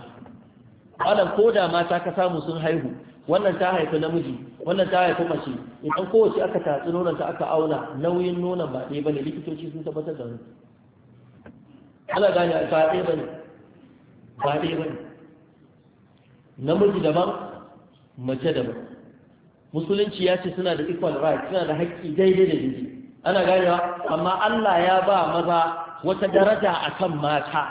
alam ko da mata ka samu sun haihu wannan ta haifi namiji wannan ta haifi mace idan kowace aka tatsi nonon ta aka auna nauyin nonon ba ɗaya bane likitoci sun tabbatar da wani ana gane ba ɗaya bane ba ɗaya bane namiji daban mace daban musulunci ya ce suna da equal right suna da haƙƙi daidai da jiki ana ganewa amma Allah ya ba maza wata daraja a kan mata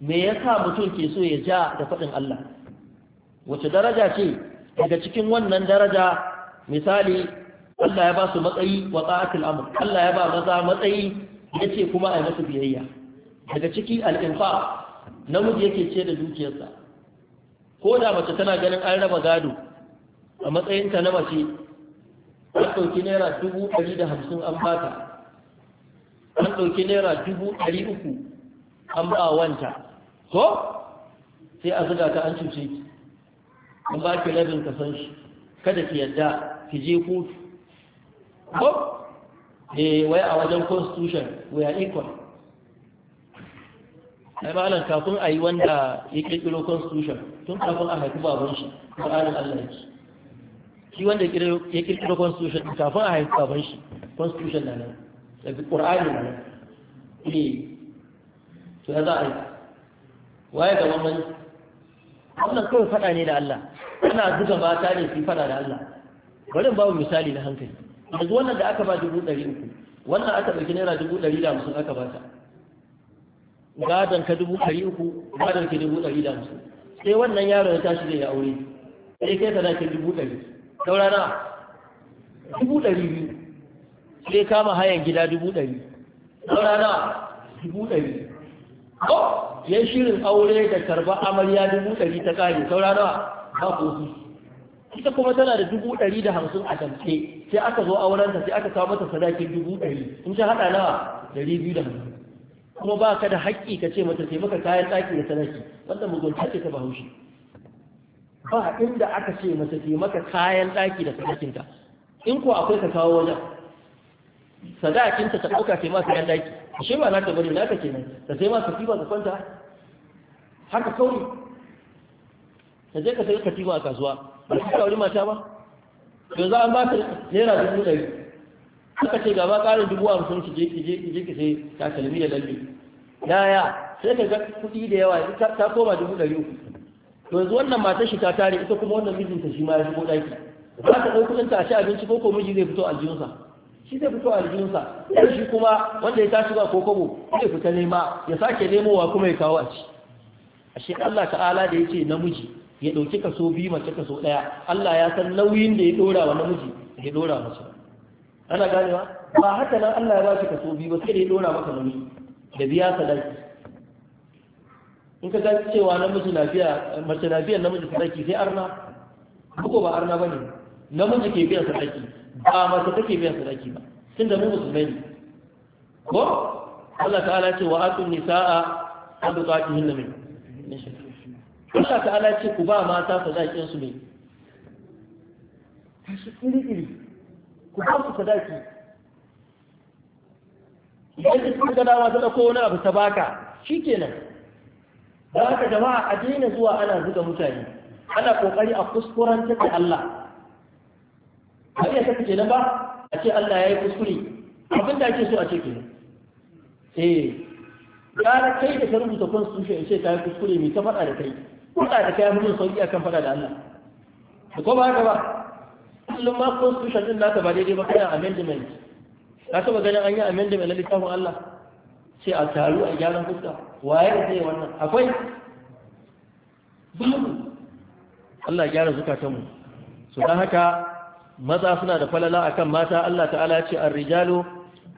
me yasa mutum ke so ya ja da faɗin Allah wace daraja ce daga cikin wannan daraja misali Allah ya ba su matsayi wa ta'atul amr Allah ya ba maza matsayi yace kuma ai masa biyayya daga ciki al namiji yake ce da dukiyarsa ko da mace tana ganin an raba gado a matsayinta na mace an ɗauki naira dubu ɗari da hamsin an bata an ɗauki naira dubu ɗari uku an ba wanta ko sai a zuga ta an cuce ki an ba ki labin ka san shi kada ki yadda ki je kotu ko eh wai a wajen constitution we are equal ai malam kafin a yi wanda ya ƙirƙiro constitution tun kafin a haifi baban shi ƙwararren Allah yake shi wanda ya kirkiro constitution kafin a haifi baban shi constitution na nan daga ƙur'ani na nan ne eh, to ya za a yi waye ga wannan wannan kawai faɗa ne da Allah ana ba ta ne su faɗa da Allah bari ba misali na hankali yanzu wannan da aka ba dubu ɗari uku wannan aka ɗauki naira dubu ɗari da hamsin aka ba ta gadon ka dubu ɗari uku gadon ka dubu ɗari da hamsin sai wannan yaro ya tashi zai ya aure sai kai ka zaki dubu ɗari taurana dubu ɗari biyu sai kama hayan gida dubu ɗari taurana dubu ɗari ko ya shirin aure da karba amarya dubu ɗari ta ƙari taurana ba ba kofi ita kuma tana da dubu ɗari da hamsin a tamce sai aka zo ta sai aka kawo mata sadakin dubu ɗari in ta haɗa na ɗari biyu da hamsin kuma ba ka da haƙƙi ka ce mata sai maka kayan ɗaki da sadaki wanda mugunta ce ta bahaushe ba inda aka ce masa ke maka kayan ɗaki da sadakinta in ko akwai ka kawo wajen sadakinta ta ɗauka ce masu kayan ɗaki shi ba na ta bari naka ke nan ta sai masu katiba da kwanta haka kauri ta je ka sai katiba a kasuwa ba su kauri mata ba to za a ba ta naira dubu ɗari aka ce gaba ƙarin dubu hamsin ki je ki je ki je ki sai takalmi da lalle yaya sai ka ga kuɗi da yawa ta koma dubu ɗari uku to yanzu wannan matar shi ta tare ita kuma wannan mijinta shi ma ya shigo daki ba ta ɗau ɗanta a ci abinci ko ko miji zai fito aljihunsa shi zai fito aljihunsa Ɗan shi kuma wanda ya tashi ba ko kobo zai fita nema ya sake nemowa kuma ya kawo a ci A shi Allah ta'ala da ce namiji ya dauki kaso biyu mace kaso daya Allah ya san nauyin da ya dora wa namiji ya dora mace ana ganewa ba haka nan Allah ya ba shi kaso biyu ba sai ya dora maka namiji da biya sadaki in ka tafi cewa namiji na biya mace na biyan namiji sadaki sai arna ko ba arna bane namiji ke biyan sadaki ba mace take biyan sadaki ba da mu musulmai ne ko Allah ta'ala ce wa atun nisaa sadaqatihin min Allah ta'ala ce ku ba mata sadakin su ne kashi iri ku ba su sadaki idan ka dama ta ko wani abu ta baka shikenan da haka jama'a a daina zuwa ana zuga mutane ana kokari a kuskuren take Allah a iya take kenan ba a ce Allah ya yi kuskure abin da ake so a ce kenan eh gara kai da ka rubuta constitution in ce ta yi kuskure mai ta faɗa da kai faɗa da kai mun sauki akan faɗa da Allah da ko ba haka ba kullum ma constitution din naka ba daidai ba kana amendment ka saba ganin an yi amendment na littafin Allah ce a taru a gyaran fuska waye zai wannan akwai babu Allah gyara zukatanmu su don haka maza suna da falala a kan mata Allah ta'ala ce ar-rijalu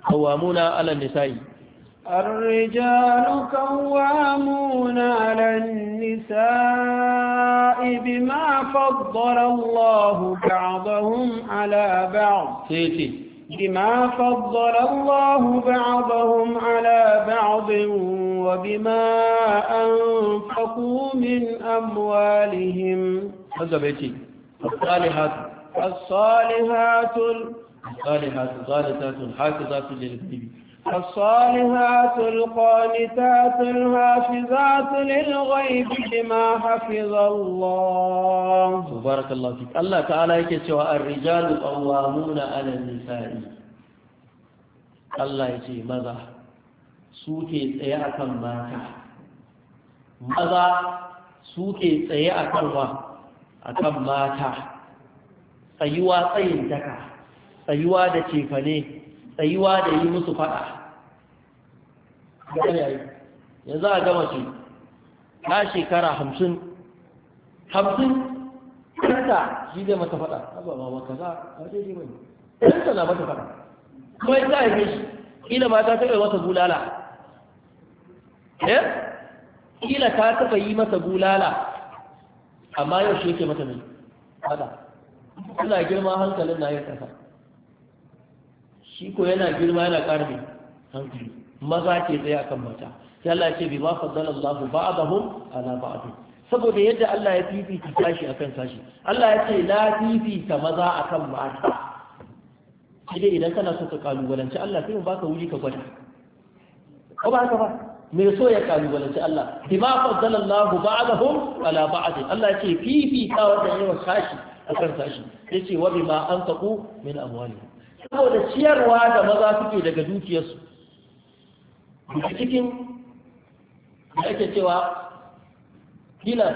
qawwamuna 'ala an-nisa'i الرجال قوامون على النساء بما فضل الله بعضهم على بعض سيتي بما فضل الله بعضهم على بعض وبما أنفقوا من أموالهم هذا بيتي الصالحات الصالحات الصالحات الصالحات الحافظات للغيب الصالحات القانتات الحافظات للغيب بما حفظ الله بارك الله فيك الله تعالى yake cewa ar-rijalu qawwamuna 'ala an-nisa'i Allah yace maza su ke tsaye akan mata maza su tsaye akan wa mata tsayuwa tsayin tsayuwa da tsayuwa da yi musu yanzu a gama ce na shekara hamsin hamsin kanta shi zai mata faɗa ba mama kaza ba daidai ba ne kanta na mata faɗa kuma a haife shi Ƙila ma ta taɓa masa bulala eh kila ta taɓa yi masa bulala amma yau shi yake mata mai faɗa suna girma hankalin na yin ƙasa shi ko yana girma yana ƙarfi hankali maza ke tsaye akan mata sai Allah ce bi ma faddala Allahu ba'dahum ala ba'd saboda yadda Allah ya fifita sashi akan sashi. Allah ya ce la fifita maza akan mata sai idan kana so ka kalubalanci Allah sai mu baka wuri ka gwada ko ba ka ba me so ya kalubalanci Allah bi ma faddala Allahu ba'dahum ala ba'd Allah ya ce fifita wanda yawa sashi akan tashi yace wa bima anfaqu min amwalihim saboda ciyarwa da maza suke daga dukiyarsu a cikin da ake cewa filas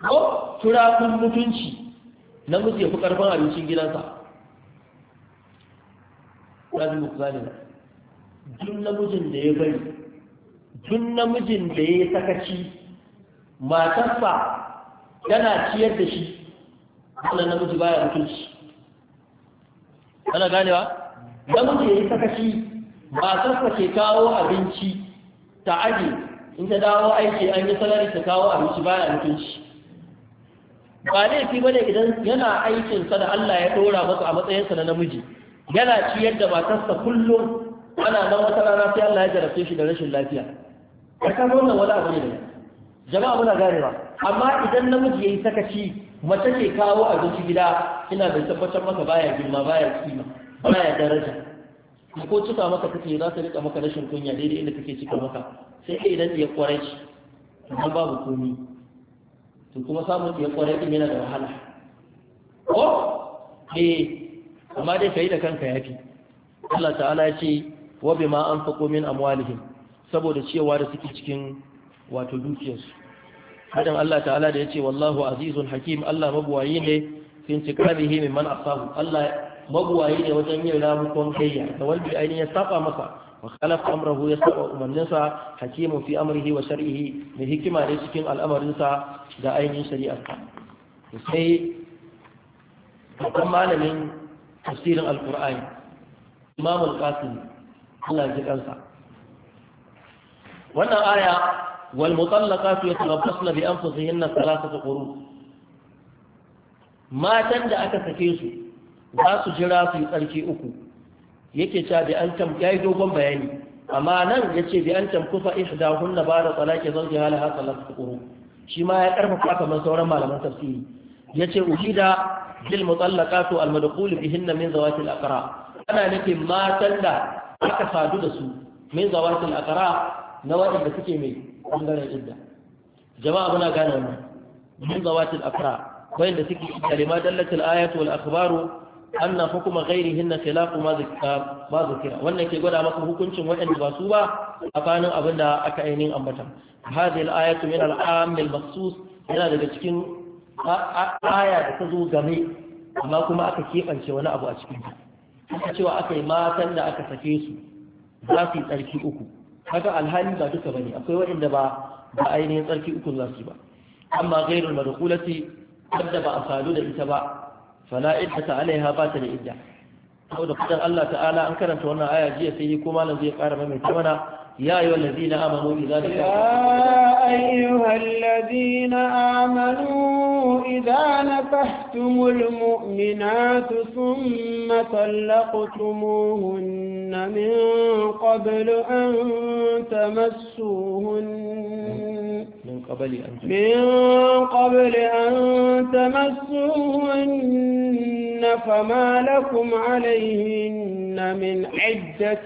ko turakun mutunci na mutu ya fi karfin abincin gidansa ɗazi muku zalina dun namijin da ya bari dun namijin da ya yi sakaci matarsa tana ciyar da shi wannan namiji baya mutunci ana ganewa namiji ya yi sakaci matarsa ke kawo abinci ta aji in ta dawo aiki an yi salari ta kawo abinci baya mutunci ba laifi bane idan yana aikinsa da Allah ya ɗora masa a matsayinsa na namiji yana ciyar da matarsa kullum ana nan wata rana sai Allah ya jarabce shi da rashin lafiya Ya kama wannan wani abu ne da jama'a muna ganewa amma idan namiji ya yi sakaci mace ke kawo abinci gida ina da tabbatar maka baya girma baya kima baya daraja ko cika maka kake za ta rika maka rashin kunya daidai inda kake cika maka sai kai idan ya shi amma babu komi to kuma samun ya kware din yana da wahala ko eh amma dai kai da kanka yafi Allah ta'ala ya ce wa bima anfaqu min amwalihim saboda cewa da suke cikin wato dukiyarsu hadan Allah ta'ala da ya ce wallahu azizun hakim Allah mabuwayi ne fin tikalihi mimman asahu Allah magwaye ne wajen yin ramukon kayya da wanda ainihin ya saba masa wa khalafa amrahu ya saba umarninsa hakimun fi amrihi wa shar'ihi mai hikima ne cikin al'amarinsa da ainihin shari'arsa sai babban malamin tafsirin alqur'ani imam al-qasim Allah ya kansa wannan aya wal mutallaqatu yatarabbasna bi anfusihinna thalathata qurun matan da aka sake su za su jira su yi tsarki uku yake cewa bi an tam yayi dogon bayani amma nan yace bi an tam kufa ihdahunna ba da talaqi zawjiha laha talaqu quru shi ma ya karfafa kamar sauran malaman tafsiri yace uhida bil mutallaqatu al madkhul bihinna min zawati al aqra ana nufin matan da aka sadu da su min zawati al aqra na waɗanda suke mai bangaren idda jama'a muna gane wannan min zawati al aqra wanda suke kalima dallatul ayatu wal akhbaru anna hukuma ghairihinna khilafu ma zikra ma zikra wannan ke gwada maka hukuncin waɗanda ba su ba kanin abin da aka ainihin ambata hadhihi al-ayatu min al-amm al-makhsus yana daga cikin aya da ta zo game amma kuma aka kebance wani abu a cikin ta aka cewa aka yi matan da aka sake su za su yi tsarki uku haka alhali ba duka bane akwai waɗanda ba ba ainihin tsarki uku za su ba amma ghairul madkhulati wadda ba a sadu da ita ba فلا إلحة عليها بات الإدعاء أو دفتر الله تعالى أنكرت وأن آية جية فيه كما الذي قال من كمنا يا أيها الذين آمنوا إذا ذكرتم يا أيها الذين آمنوا إذا نفحتم المؤمنات ثم طلقتموهن من قبل أن تمسوهن قبل أن من قبل أن تمسوهن فما لكم عليهن من عدة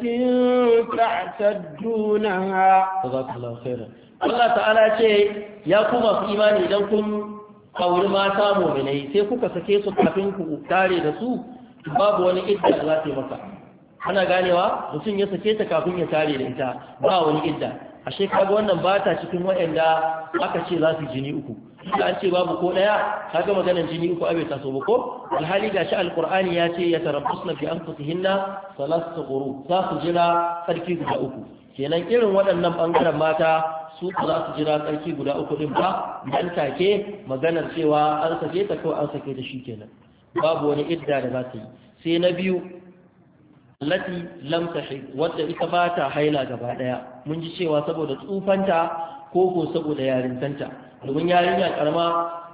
تعتدونها جزاك الله خيرا Allah ta'ala ce ya kuma su imani idan kun kauri mata mominai sai kuka sake su kafin ku tare da su babu wani idda za ta yi maka ana ganewa mutum ya sake ta kafin ya tare da ita ba wani idda ashe kaga wannan ba ta cikin waɗanda aka ce za su jini uku da an ce babu ko ɗaya kaga maganar jini uku abai taso ba ko alhali gashi alkur'ani ya ce ya su hinna, anfusihinna salatu ƙuru za su jira sarki guda uku kenan irin waɗannan bangaren mata su za su jira sarki guda uku din ba dan take maganar cewa an sake ta ko an sake ta kenan. babu wani idda da za ta yi sai na biyu lati lam tahid wadda ita ba ta haila gaba daya mun ji cewa saboda tsufanta ko ko saboda yarintanta domin yarinya karma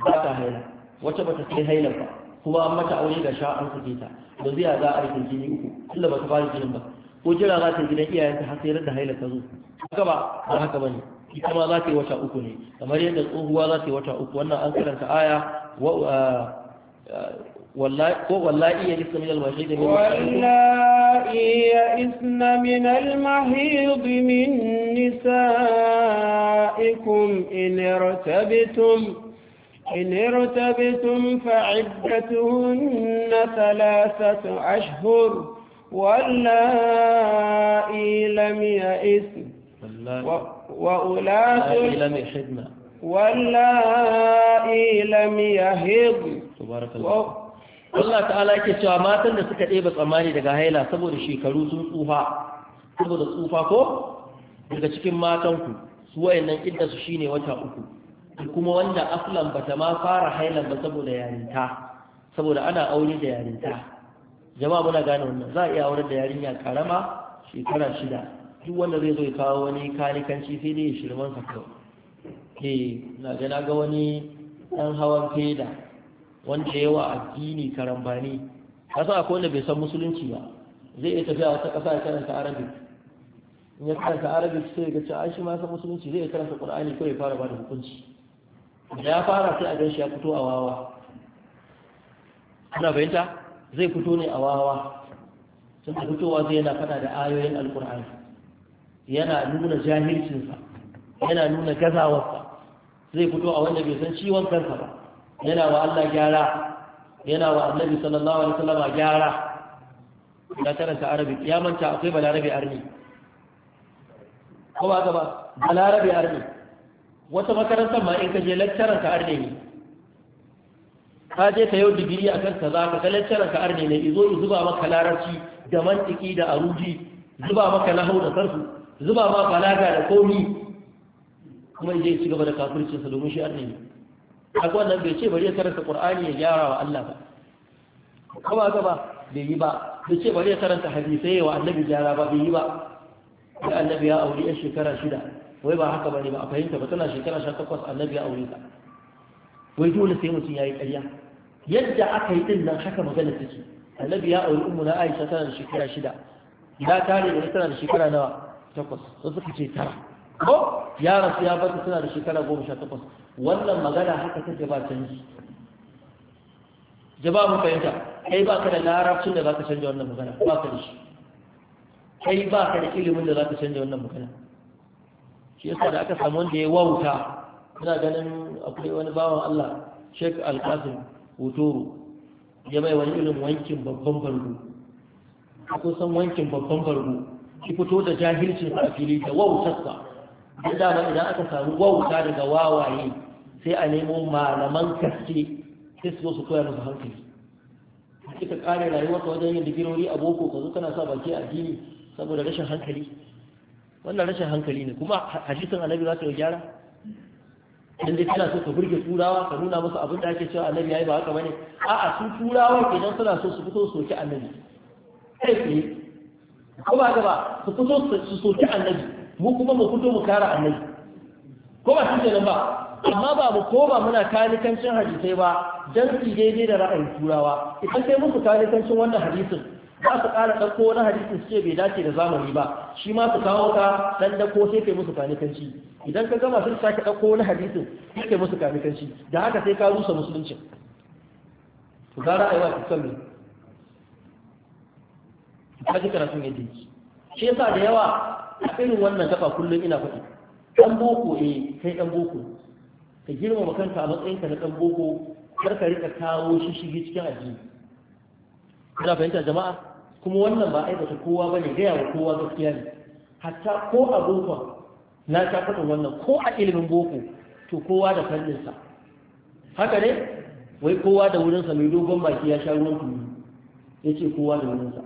ba ta haila wacce ba ta kai haila ba kuma an mata aure ga sha an ke ta ba zai za a yi jini uku killa ba ta fara jinin ba ko jira za ta gidan iyayenta har sai da haila ta zo haka ba ba haka bane ita ma za ta yi wata uku ne kamar yadda tsohuwa za ta yi wata uku wannan an karanta aya uh, uh, واللائي يئسن من المحيض من واللائي من المحيض من نسائكم إن ارتبتم إن ارتبتم فعدتهن ثلاثة أشهر واللائي لم يئسن وأولاة لم يحضن واللائي لم يهضن تبارك الله Allah ta'ala yake cewa matan da suka ɗeba tsammani daga haila saboda shekaru sun tsufa saboda tsufa ko daga cikin matanku su wayannan idda su shine wata uku kuma wanda aslan bata ma fara hailan ba saboda yarinta saboda ana aure da yarinta jama'a muna gane wannan za a iya aure da yarinya karama shekara shida duk wanda zai zo ya kawo wani kalikanci sai dai ya shirman sa kawai eh na ga na ga wani dan hawan feda wanda yawa addini karambani kasa akwai wanda bai san musulunci ba zai iya tafiya wata kasa ya karanta arabic in ya karanta arabic sai ga cewa shi ma san musulunci zai iya karanta qur'ani ko ya fara ba da hukunci da ya fara sai a ganshi ya fito a wawa ana bayanta zai fito ne a wawa sun da fitowa zai yana fada da ayoyin alkur'ani yana nuna jahilcinsa yana nuna gazawarsa zai fito a wanda bai san ciwon kansa ba yana wa Allah gyara yana wa annabi sallallahu alaihi wasallam gyara ya karanta arabi ya manta akwai balarabe arni ko ba gaba balarabe arni wata makarantar ma in ka je lecturer ka arne ne ka je ka yau digiri a kan kaza ka lecturer ka arne ne izo zuba maka larabci da mantiki da aruji zuba maka nahau da sarfu zuba ma balaga da komi kuma je ci gaba da kafircin sa domin shi arne ne Akwai nan bai ce bari ya karanta qur'ani ya gyara wa Allah ba ko ba ba bai yi ba bai ce bari ya karanta hadisai wa annabi gyara ba bai yi ba da annabi ya aure ya shekara shida wai ba haka bane ba a fahimta ba tana shekara sha takwas annabi ya aure ta wai dole sai mutum ya yi ƙarya yadda aka yi din nan haka magana take annabi ya aure ummu na aisha tana da shekara shida ya tare da tana da shekara nawa takwas wasu suka ce tara ko ya rasu ya bata tana da shekara goma sha takwas wannan magana haka take ba canji jaba mu fahimta kai ba ka da larabcin da za ka canja wannan magana ba ka da shi kai ba ka da ilimin da za ka canja wannan magana shi yasa da aka samu wanda ya wauta ina ganin akwai wani bawan Allah Sheikh Al-Qasim Wutoro ya mai wani irin wankin babban bargo ko san wankin babban bargo ki fito da jahilcin a fili da wautarsa duk nan idan aka samu wauta daga wawaye sai a nemo malaman kaske sai su zo su koya musu hankali ka kare ka wajen yin digirori a boko ka zo kana sa baki a addini saboda rashin hankali wannan rashin hankali ne kuma hadisin annabi za ta yi gyara dan dai kana so ka burge turawa ka nuna musu abin da ake cewa annabi yayi ba haka bane a'a su turawa idan suna so su fito su soki annabi kai tsaye ko ba ka ba su fito su soki annabi mu kuma mu fito mu kara annabi ko ba shi nan ba amma ba mu ko ba muna kalikancin hadisai ba dan su daidai da ra'ayin turawa idan kai musu kalikancin wannan hadisin ba su kara ɗauko wani hadisin su bai dace da zamani ba shi ma su kawo ka da ko sai kai musu kanikanci idan ka gama sun sake ɗauko wani hadisin sai kai musu kanikanci da haka sai ka rusa Musulunci, to gara aiwa ta ka ji karatun yadda yake shi yasa da yawa a irin wannan gaba kullum ina faɗi ɗan boko ne eh, kai ɗan boko ka girmama kanka a matsayinka na ɗan boko kar ka rika kawo shi shige cikin addini Kana fahimta jama'a kuma wannan ba aikata kowa bane gaya wa kowa gaskiya ne hatta ko a boko na ta faɗin wannan ko a ilimin boko to kowa da fanninsa haka ne wai kowa da wurinsa mai dogon baki ya sha ruwan tuni ya ce kowa da wurinsa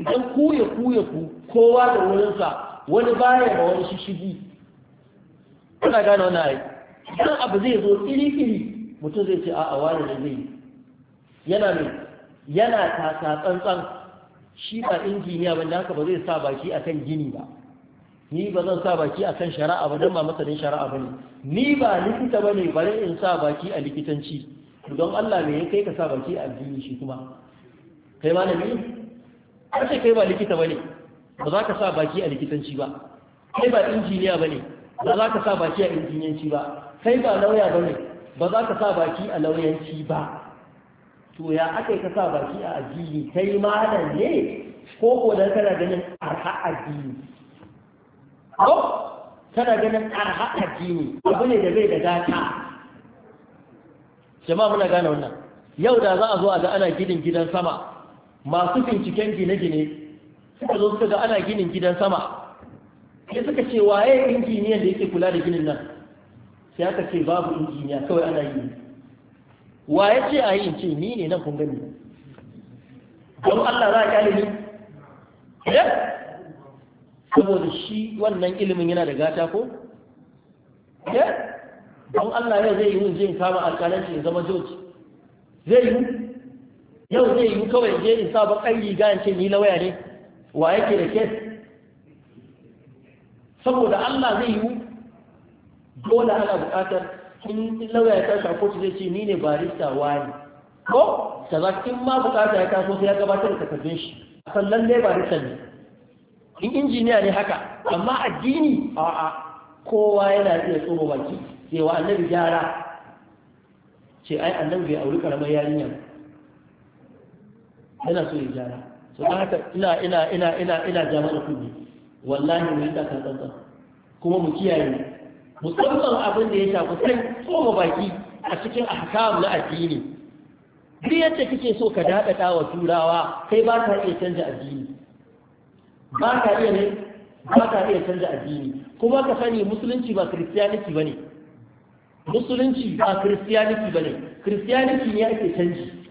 idan ku ya ku ya ku kowa da wurinsa wani baya da wani shishigi kuna gane wani ayi idan abu zai zo iri-iri mutum zai ce a'a wani da zai yana mai yana tasa tsantsan shi ba injiniya ba da haka ba zai sa baki akan gini ba ni ba zan sa baki akan shara'a ba don ba masanin shara'a ba ne ni ba likita ba ne bari in sa baki a likitanci don Allah me ya kai ka sa baki a addini shi kuma kai malami ce kai ba likita ba ne ba za ka sa baki a likitanci ba kai ba injiniya ba ne ba za ka sa baki a injiniyanci ba kai ba lauya ba ne ba za ka sa baki a lauyanci ba to ya aka yi ka sa baki a addini kai malam ne ko ko dan kana ganin arha addini ko kana ganin arha addini abu ne da bai da gata jama'a muna gane wannan yau da za a zo a ga ana gidin gidan sama masu binciken gine-gine suka zo suka ga ana ginin gidan sama Ya suka ce waye injiniyan da yake kula da ginin nan sai aka ce babu injiniya kawai ana yi waye ce a yi in ce ni ne nan kun gani don Allah za a kyalimi eh? saboda shi wannan ilimin yana da gata ko eh? don Allah yau zai yi wun zai kama alkalanci ya zama zoci zai yi yau zai yi kawai je in sa bakan riga in ce ni lawaya ne wa yake da kes saboda Allah zai yi dole ana buƙatar in lawaya ta tashi kotu zai ce ni ne barista wani ko za in ma bukata ya kaso sai ya gabatar da takardun shi sannan ne barista ne in injiniya ne haka amma addini a'a kowa yana iya tsoro baki sai wa annabi gyara ce ai annabi bai auri karamar yarinya yana so ya gyara so ta haka ina ina ina ina ina ja mana kudi wallahi mu yi ta tsantsan kuma mu kiyaye musamman abin da ya shafi sai tsoma baki a cikin ahkam na addini duk yadda kike so ka dadada wa turawa kai ba ka iya canja addini ba ka iya ne ba ka iya canja addini kuma ka sani musulunci ba ba bane musulunci ba ba bane kiristiyaniki ne ake canji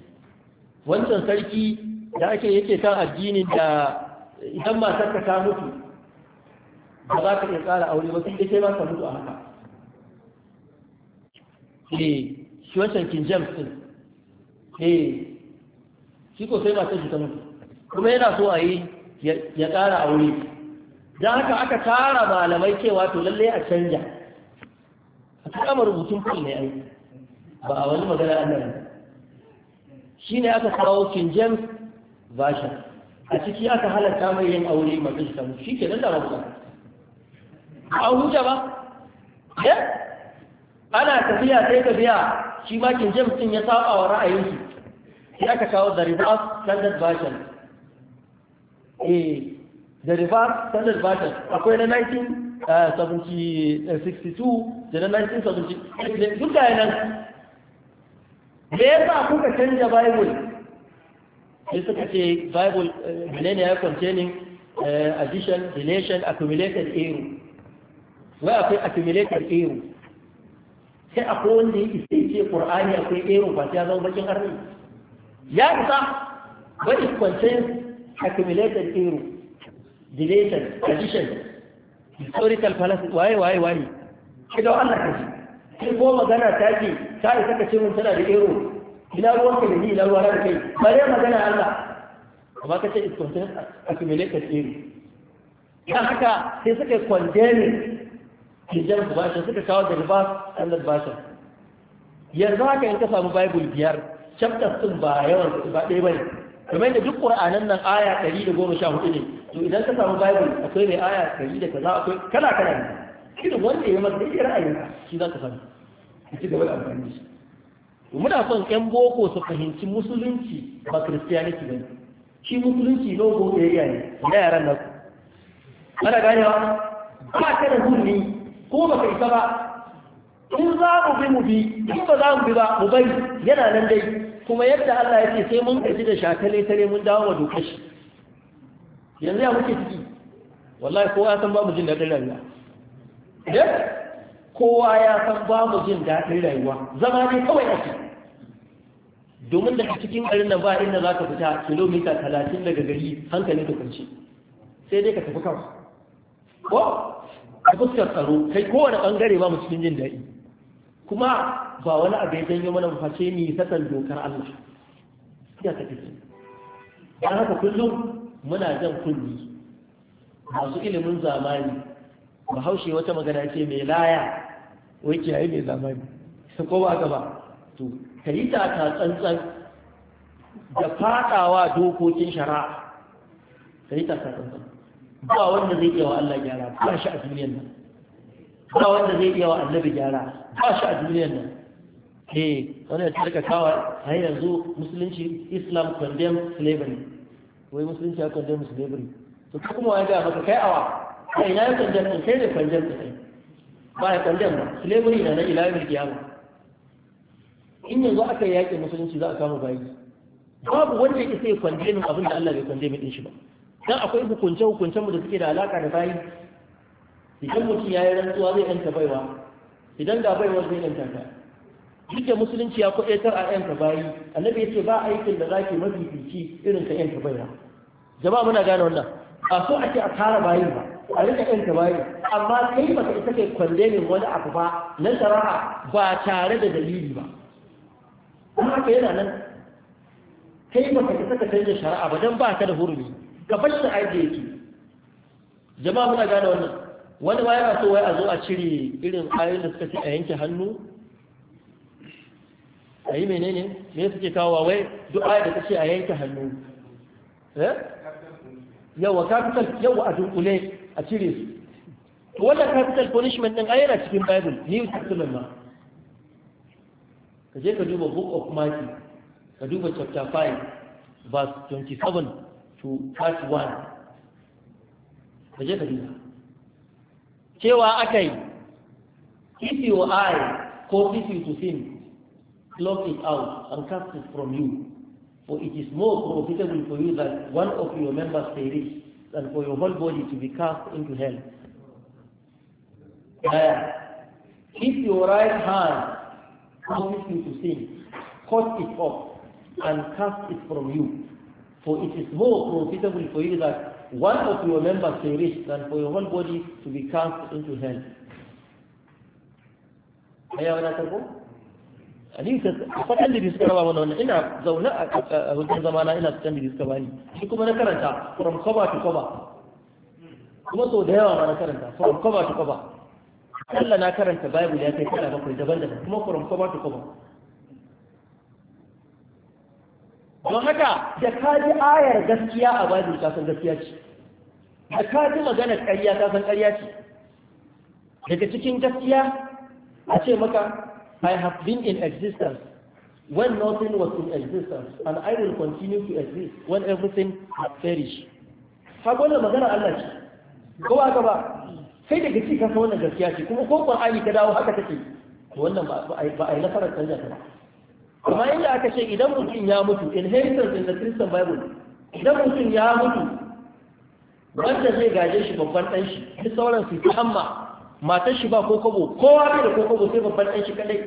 wancan sarki da ake yake kan addinin da idan matarka ta mutu ba za ka iya tsara aure ba sai kai ba ka mutu a haka ne eh, shi wancan kin james din ne eh, shi ko sai matar shi ta mutu kuma yana so a yi ya tsara aure don haka aka tara malamai cewa to lallai a canja a cikin rubutun kan ne ai ba a wani magana annabi Shi ne aka kawo King James version a ciki aka halatta mai yin aure mace ta mu shi ke nan da rabu a huta ba eh ana tafiya sai ka biya shi ma King James din ya saba wa ra'ayin shi sai aka kawo the reverse standard version eh the reverse standard version akwai na 19 Uh, 1762 da na 1970 duk da yanar me yasa kuka canja bible sai suka ce bible eh, ne ne ya containing eh, addition deletion, accumulated error wai akwai accumulated error sai akwai wanda yake sai ce ƙur'ani akwai ero, ba ya zama bakin arni ya isa what is contains accumulated ero, relation addition historical fallacy waye waye waye idan Allah ka ji sai ko magana ta ce ta yi saka ce mun tana da ero ina ruwan ka da ni ina ruwa da kai ba dai magana Allah amma ka ce iskontin accumulated ero ya haka sai suka condemn hijab ba bashi suka kawo da riba ba bashin yanzu haka in ka samu bible biyar chapter sun ba yawan ba ɗaya bane kuma inda duk qur'anan nan aya 114 ne to idan ka samu bible akwai mai aya 100 da kaza akwai kala kala ne irin wanda ya masa da ra'ayinka shi za ka sani ki ci gaba da amfani shi muna son ƴan boko su fahimci musulunci ba kiristiyaniki ba shi musulunci logo ɗaya ne na yaran nan ana ganewa ba ta da zulmi ko ba ka isa ba in za mu bi mu bi in ba za mu bi ba mu bari yana nan dai kuma yadda Allah ya ce sai mun gaji da shakale tare mun dawo wa dokar shi yanzu ya muke ciki wallahi kowa ya san ba mu jin daɗin rayuwa eh? kowa ya san ba mu jin daɗin rayuwa zama ne kawai ake domin daga cikin garin nan ba inda za ka fita kilomita talatin daga gari hankali ka kwanci sai dai ka tafi kawai ko a fuskar tsaro kai kowane ɓangare ba mu cikin jin daɗi kuma ba wani abu ya janyo mana face ni sakan dokar Allah ya tafi Ya haka kullum muna jan kulli masu ilimin zamani bahaushe wata magana ce mai laya wai kiyaye mai zamani ko ba gaba to ka yi taka tsantsan da fadawa dokokin shari'a ka yi taka tsantsan ba wanda zai iya wa Allah gyara ba shi a duniyar nan ba wanda zai iya wa annabi gyara ba shi a duniyar nan wani eh, wannan tarka kawa a yanzu musulunci islam condemn slavery wai musulunci ya condemn slavery to kuma wani ga ka kai awa a ina ya kanjan ɗin sai da kanjan ɗin ba ya kanjan ba slavery na na ila yau kiyama in yanzu aka yi yaƙin musulunci za a kama bayi babu wanda ya sai kwandemin abin da Allah bai kwandemin ɗin shi ba dan akwai hukunce hukuncen mu da suke da alaka da bayi idan mutum ya yi rantsuwa zai yanta baiwa idan da baiwa zai yanta ta duk da musulunci ya kuɗaitar a yanta bayi annabi ya ce ba aikin da zaki mafifici irin ka yanta baiwa jama'a muna gane wannan a so ake a tara bayin ba a rika ɗan tabari amma kai ba ka isa kai kwandemin wani abu ba na tsarara ba tare da dalili ba kuma ka yana nan kai ba ka isa ka canza shari'a ba don ba ka da hurumi gaban da aiki yake jama'a muna gane wannan wani ma yana so wai a zo a cire irin ayoyin da suka ce a yanke hannu a yi menene me suke kawo wai duk ayar da ta ce a yanke hannu eh? yawa kafin yawa a dunkule a cire su to wannan capital punishment din ai yana cikin bible new testament ma ka je ka duba book of matthew ka duba chapter 5 verse 27 to 31 ka je ka duba cewa aka yi if your eye causes you to sin pluck it out and cast it from you for it is more profitable for you that one of your members perish and for your whole body to be cast into hell. Uh, if your right hand causes you to sin, cut it off and cast it from you. For it is more profitable for you that one of your members perish than for your whole body to be cast into hell. Are you Ali akwai ɗan libi suka raba mana wannan ina zaune a hujjan zamana ina ɗan libi suka bani shi kuma na karanta from cover to cover kuma sau da yawa ma na karanta from cover to cover akalla na karanta bible ya kai kala bakwai daban-daban kuma from cover to cover don haka da ka ji ayar gaskiya a bible ka san gaskiya ce da ka ji maganar ƙarya ka san ƙarya ce daga cikin gaskiya a ce maka I have been in existence when nothing was in existence and I will continue to exist when everything has perished. Hagwanda magana Allah ce, ko ba ka ba, sai daga ci kasa wannan gaskiya ce kuma ko Qur'ani ka dawo haka take. Wannan ba a yi nasarar canja ta ba. Amma inda aka ce idan mutum ya mutu, inheritance in the Christian Bible, idan mutum ya mutu, wanda zai gaje shi babban ɗan shi, duk sauran su ta hamma matar shi ba ko kobo kowa bai da ko kobo sai babban ɗan shi kadai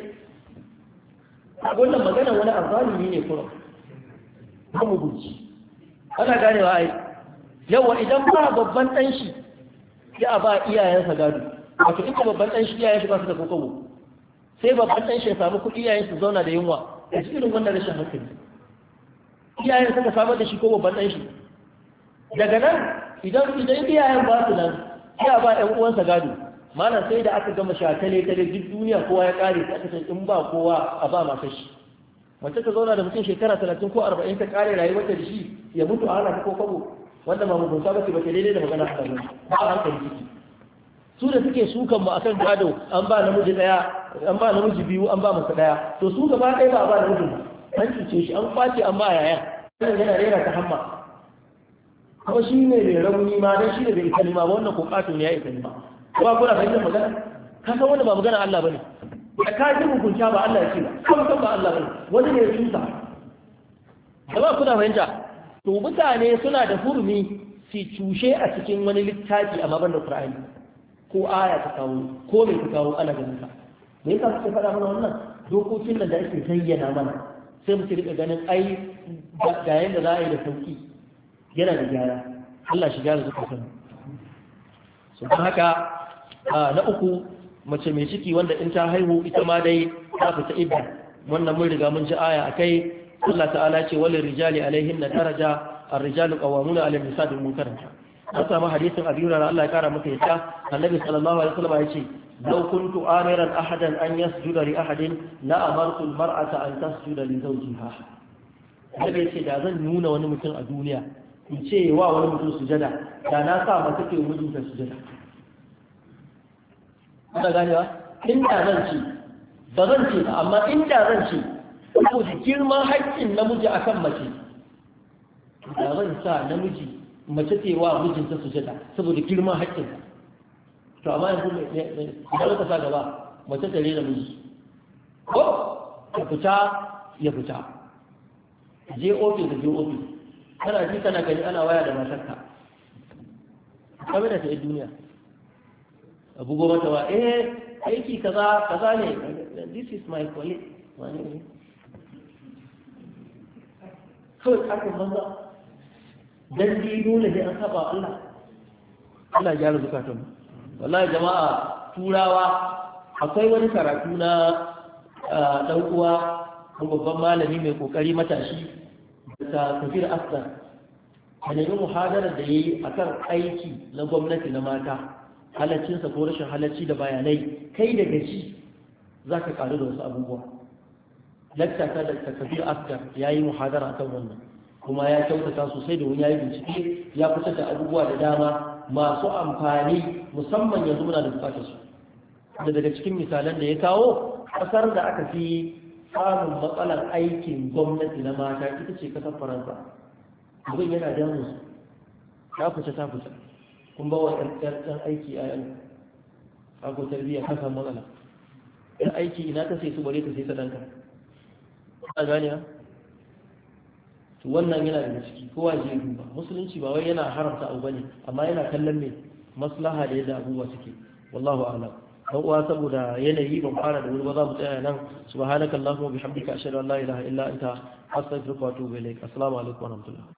wannan magana wani azalimi ne kuma ba mu guji ana wa ai yawa idan ba babban ɗan shi ya a ba iyayensa gado wato ita babban ɗan shi iyayen shi ba su da ko kobo sai babban ɗan shi ya samu kuɗi iyayen su zauna da yunwa a cikin wannan rashin hankali iyayen suka samar da shi ko babban ɗan shi daga nan idan idan iyayen ba su nan sai ba ƴan uwansa gado mana sai da aka gama shatale tare duk duniya kowa ya kare ta aka in ba kowa a ba masa shi mace ta zauna da mutum shekara talatin ko arba'in ta kare rayuwarta da shi ya mutu a halaka ko kwabo wanda mu mugunta ba ce ba daidai da magana a kan ba a hankali ciki su da suke sukan mu akan gado an ba namiji daya an ba namiji biyu an ba masa daya to su gaba ɗaya ba a ba namiji ba an cuce shi an kwace an ba yayan wannan yana rera ta hamma kawai shi ne mai rauni ma dan shi da bai isa ba, wannan ko katon ne ya isa nima. ba na fahimtar magana ka san wanda ba magana Allah bane da ka ji hukunta ba Allah yake ba kan ba Allah bane wani ne ya tusa da ba ku na fahimta to mutane suna da hurumi su cushe a cikin wani littafi a ban Qur'ani ko aya ta kawo ko me ta kawo ana ganin ka me yasa suke faɗa mana wannan dokokin da ake zayyana mana sai mu rika ganin ai ga yanda za a yi da sauki yana da gyara Allah shi gyara zuwa sanu Sun haka na uku mace mai ciki wanda in ta haihu ita ma dai ta fita ibda wannan mun riga mun ji aya akai Allah ta'ala ce wal rijali alaihin na daraja ar-rijalu qawwamuna 'ala nisa da mun karanta an samu hadisin Abi Hurairah Allah ya kara masa yadda Annabi sallallahu alaihi wasallam ya ce law kuntu amiran ahadan an yasjuda li ahadin la amartu al-mar'ata an tasjuda li zawjiha Annabi ya ce da zan nuna wani mutum a duniya in ce wa wani mutum sujada da na sa mata ke mijinta sujada kuna ganewa inda zan ce ba zan ce ba amma inda zan ce ko da girman haƙƙin namiji akan mace da zan sa namiji mace ce wa mijinta su jada saboda girman haƙƙin to amma yanzu idan ka sa gaba mace ta da miji ko ya fita ya fita je ofis da je ofis kana ji kana gani ana waya da matarka Kamina da ta yi duniya bugo mata wa eh aiki kaza kaza ne this is my colleague wani ne kawai tsakin banza dan yi dole ne an saba Allah Allah ya gyara mu. wallahi jama'a turawa akwai wani karatu na dan uwa babban malami mai kokari matashi da Kabir Aslan a nemi muhadarar da a akan aiki na gwamnati na mata halaccinsa ko rashin halacci da bayanai kai da gaji. za ka ƙaru da wasu abubuwa lakta ta da kafir askar ya yi muhadara kan wannan kuma ya kyautata sosai da wani ya yi bincike ya fita da abubuwa da dama masu amfani musamman ya zuna da bukatar su da daga cikin misalan da ya kawo kasar da aka fi samun matsalar aikin gwamnati na mata ita ce kasar faransa abin yana damun su ta fita ta fita. kun ba wa ɗan aiki a yana ako tarbiyya ta samu matsala ɗan aiki ina ka sai su bare ka sai sadanka a gane ha to wannan yana da ciki kowa je duba musulunci ba wai yana haramta abu bane amma yana kallon mai maslaha da yadda abubuwa suke wallahu a'lam dan uwa saboda yanayi ban fara da wuri ba za mu tsaya nan subhanakallahumma bihamdika ashhadu an la ilaha illa anta astaghfiruka wa atubu ilaik assalamu alaikum wa rahmatullah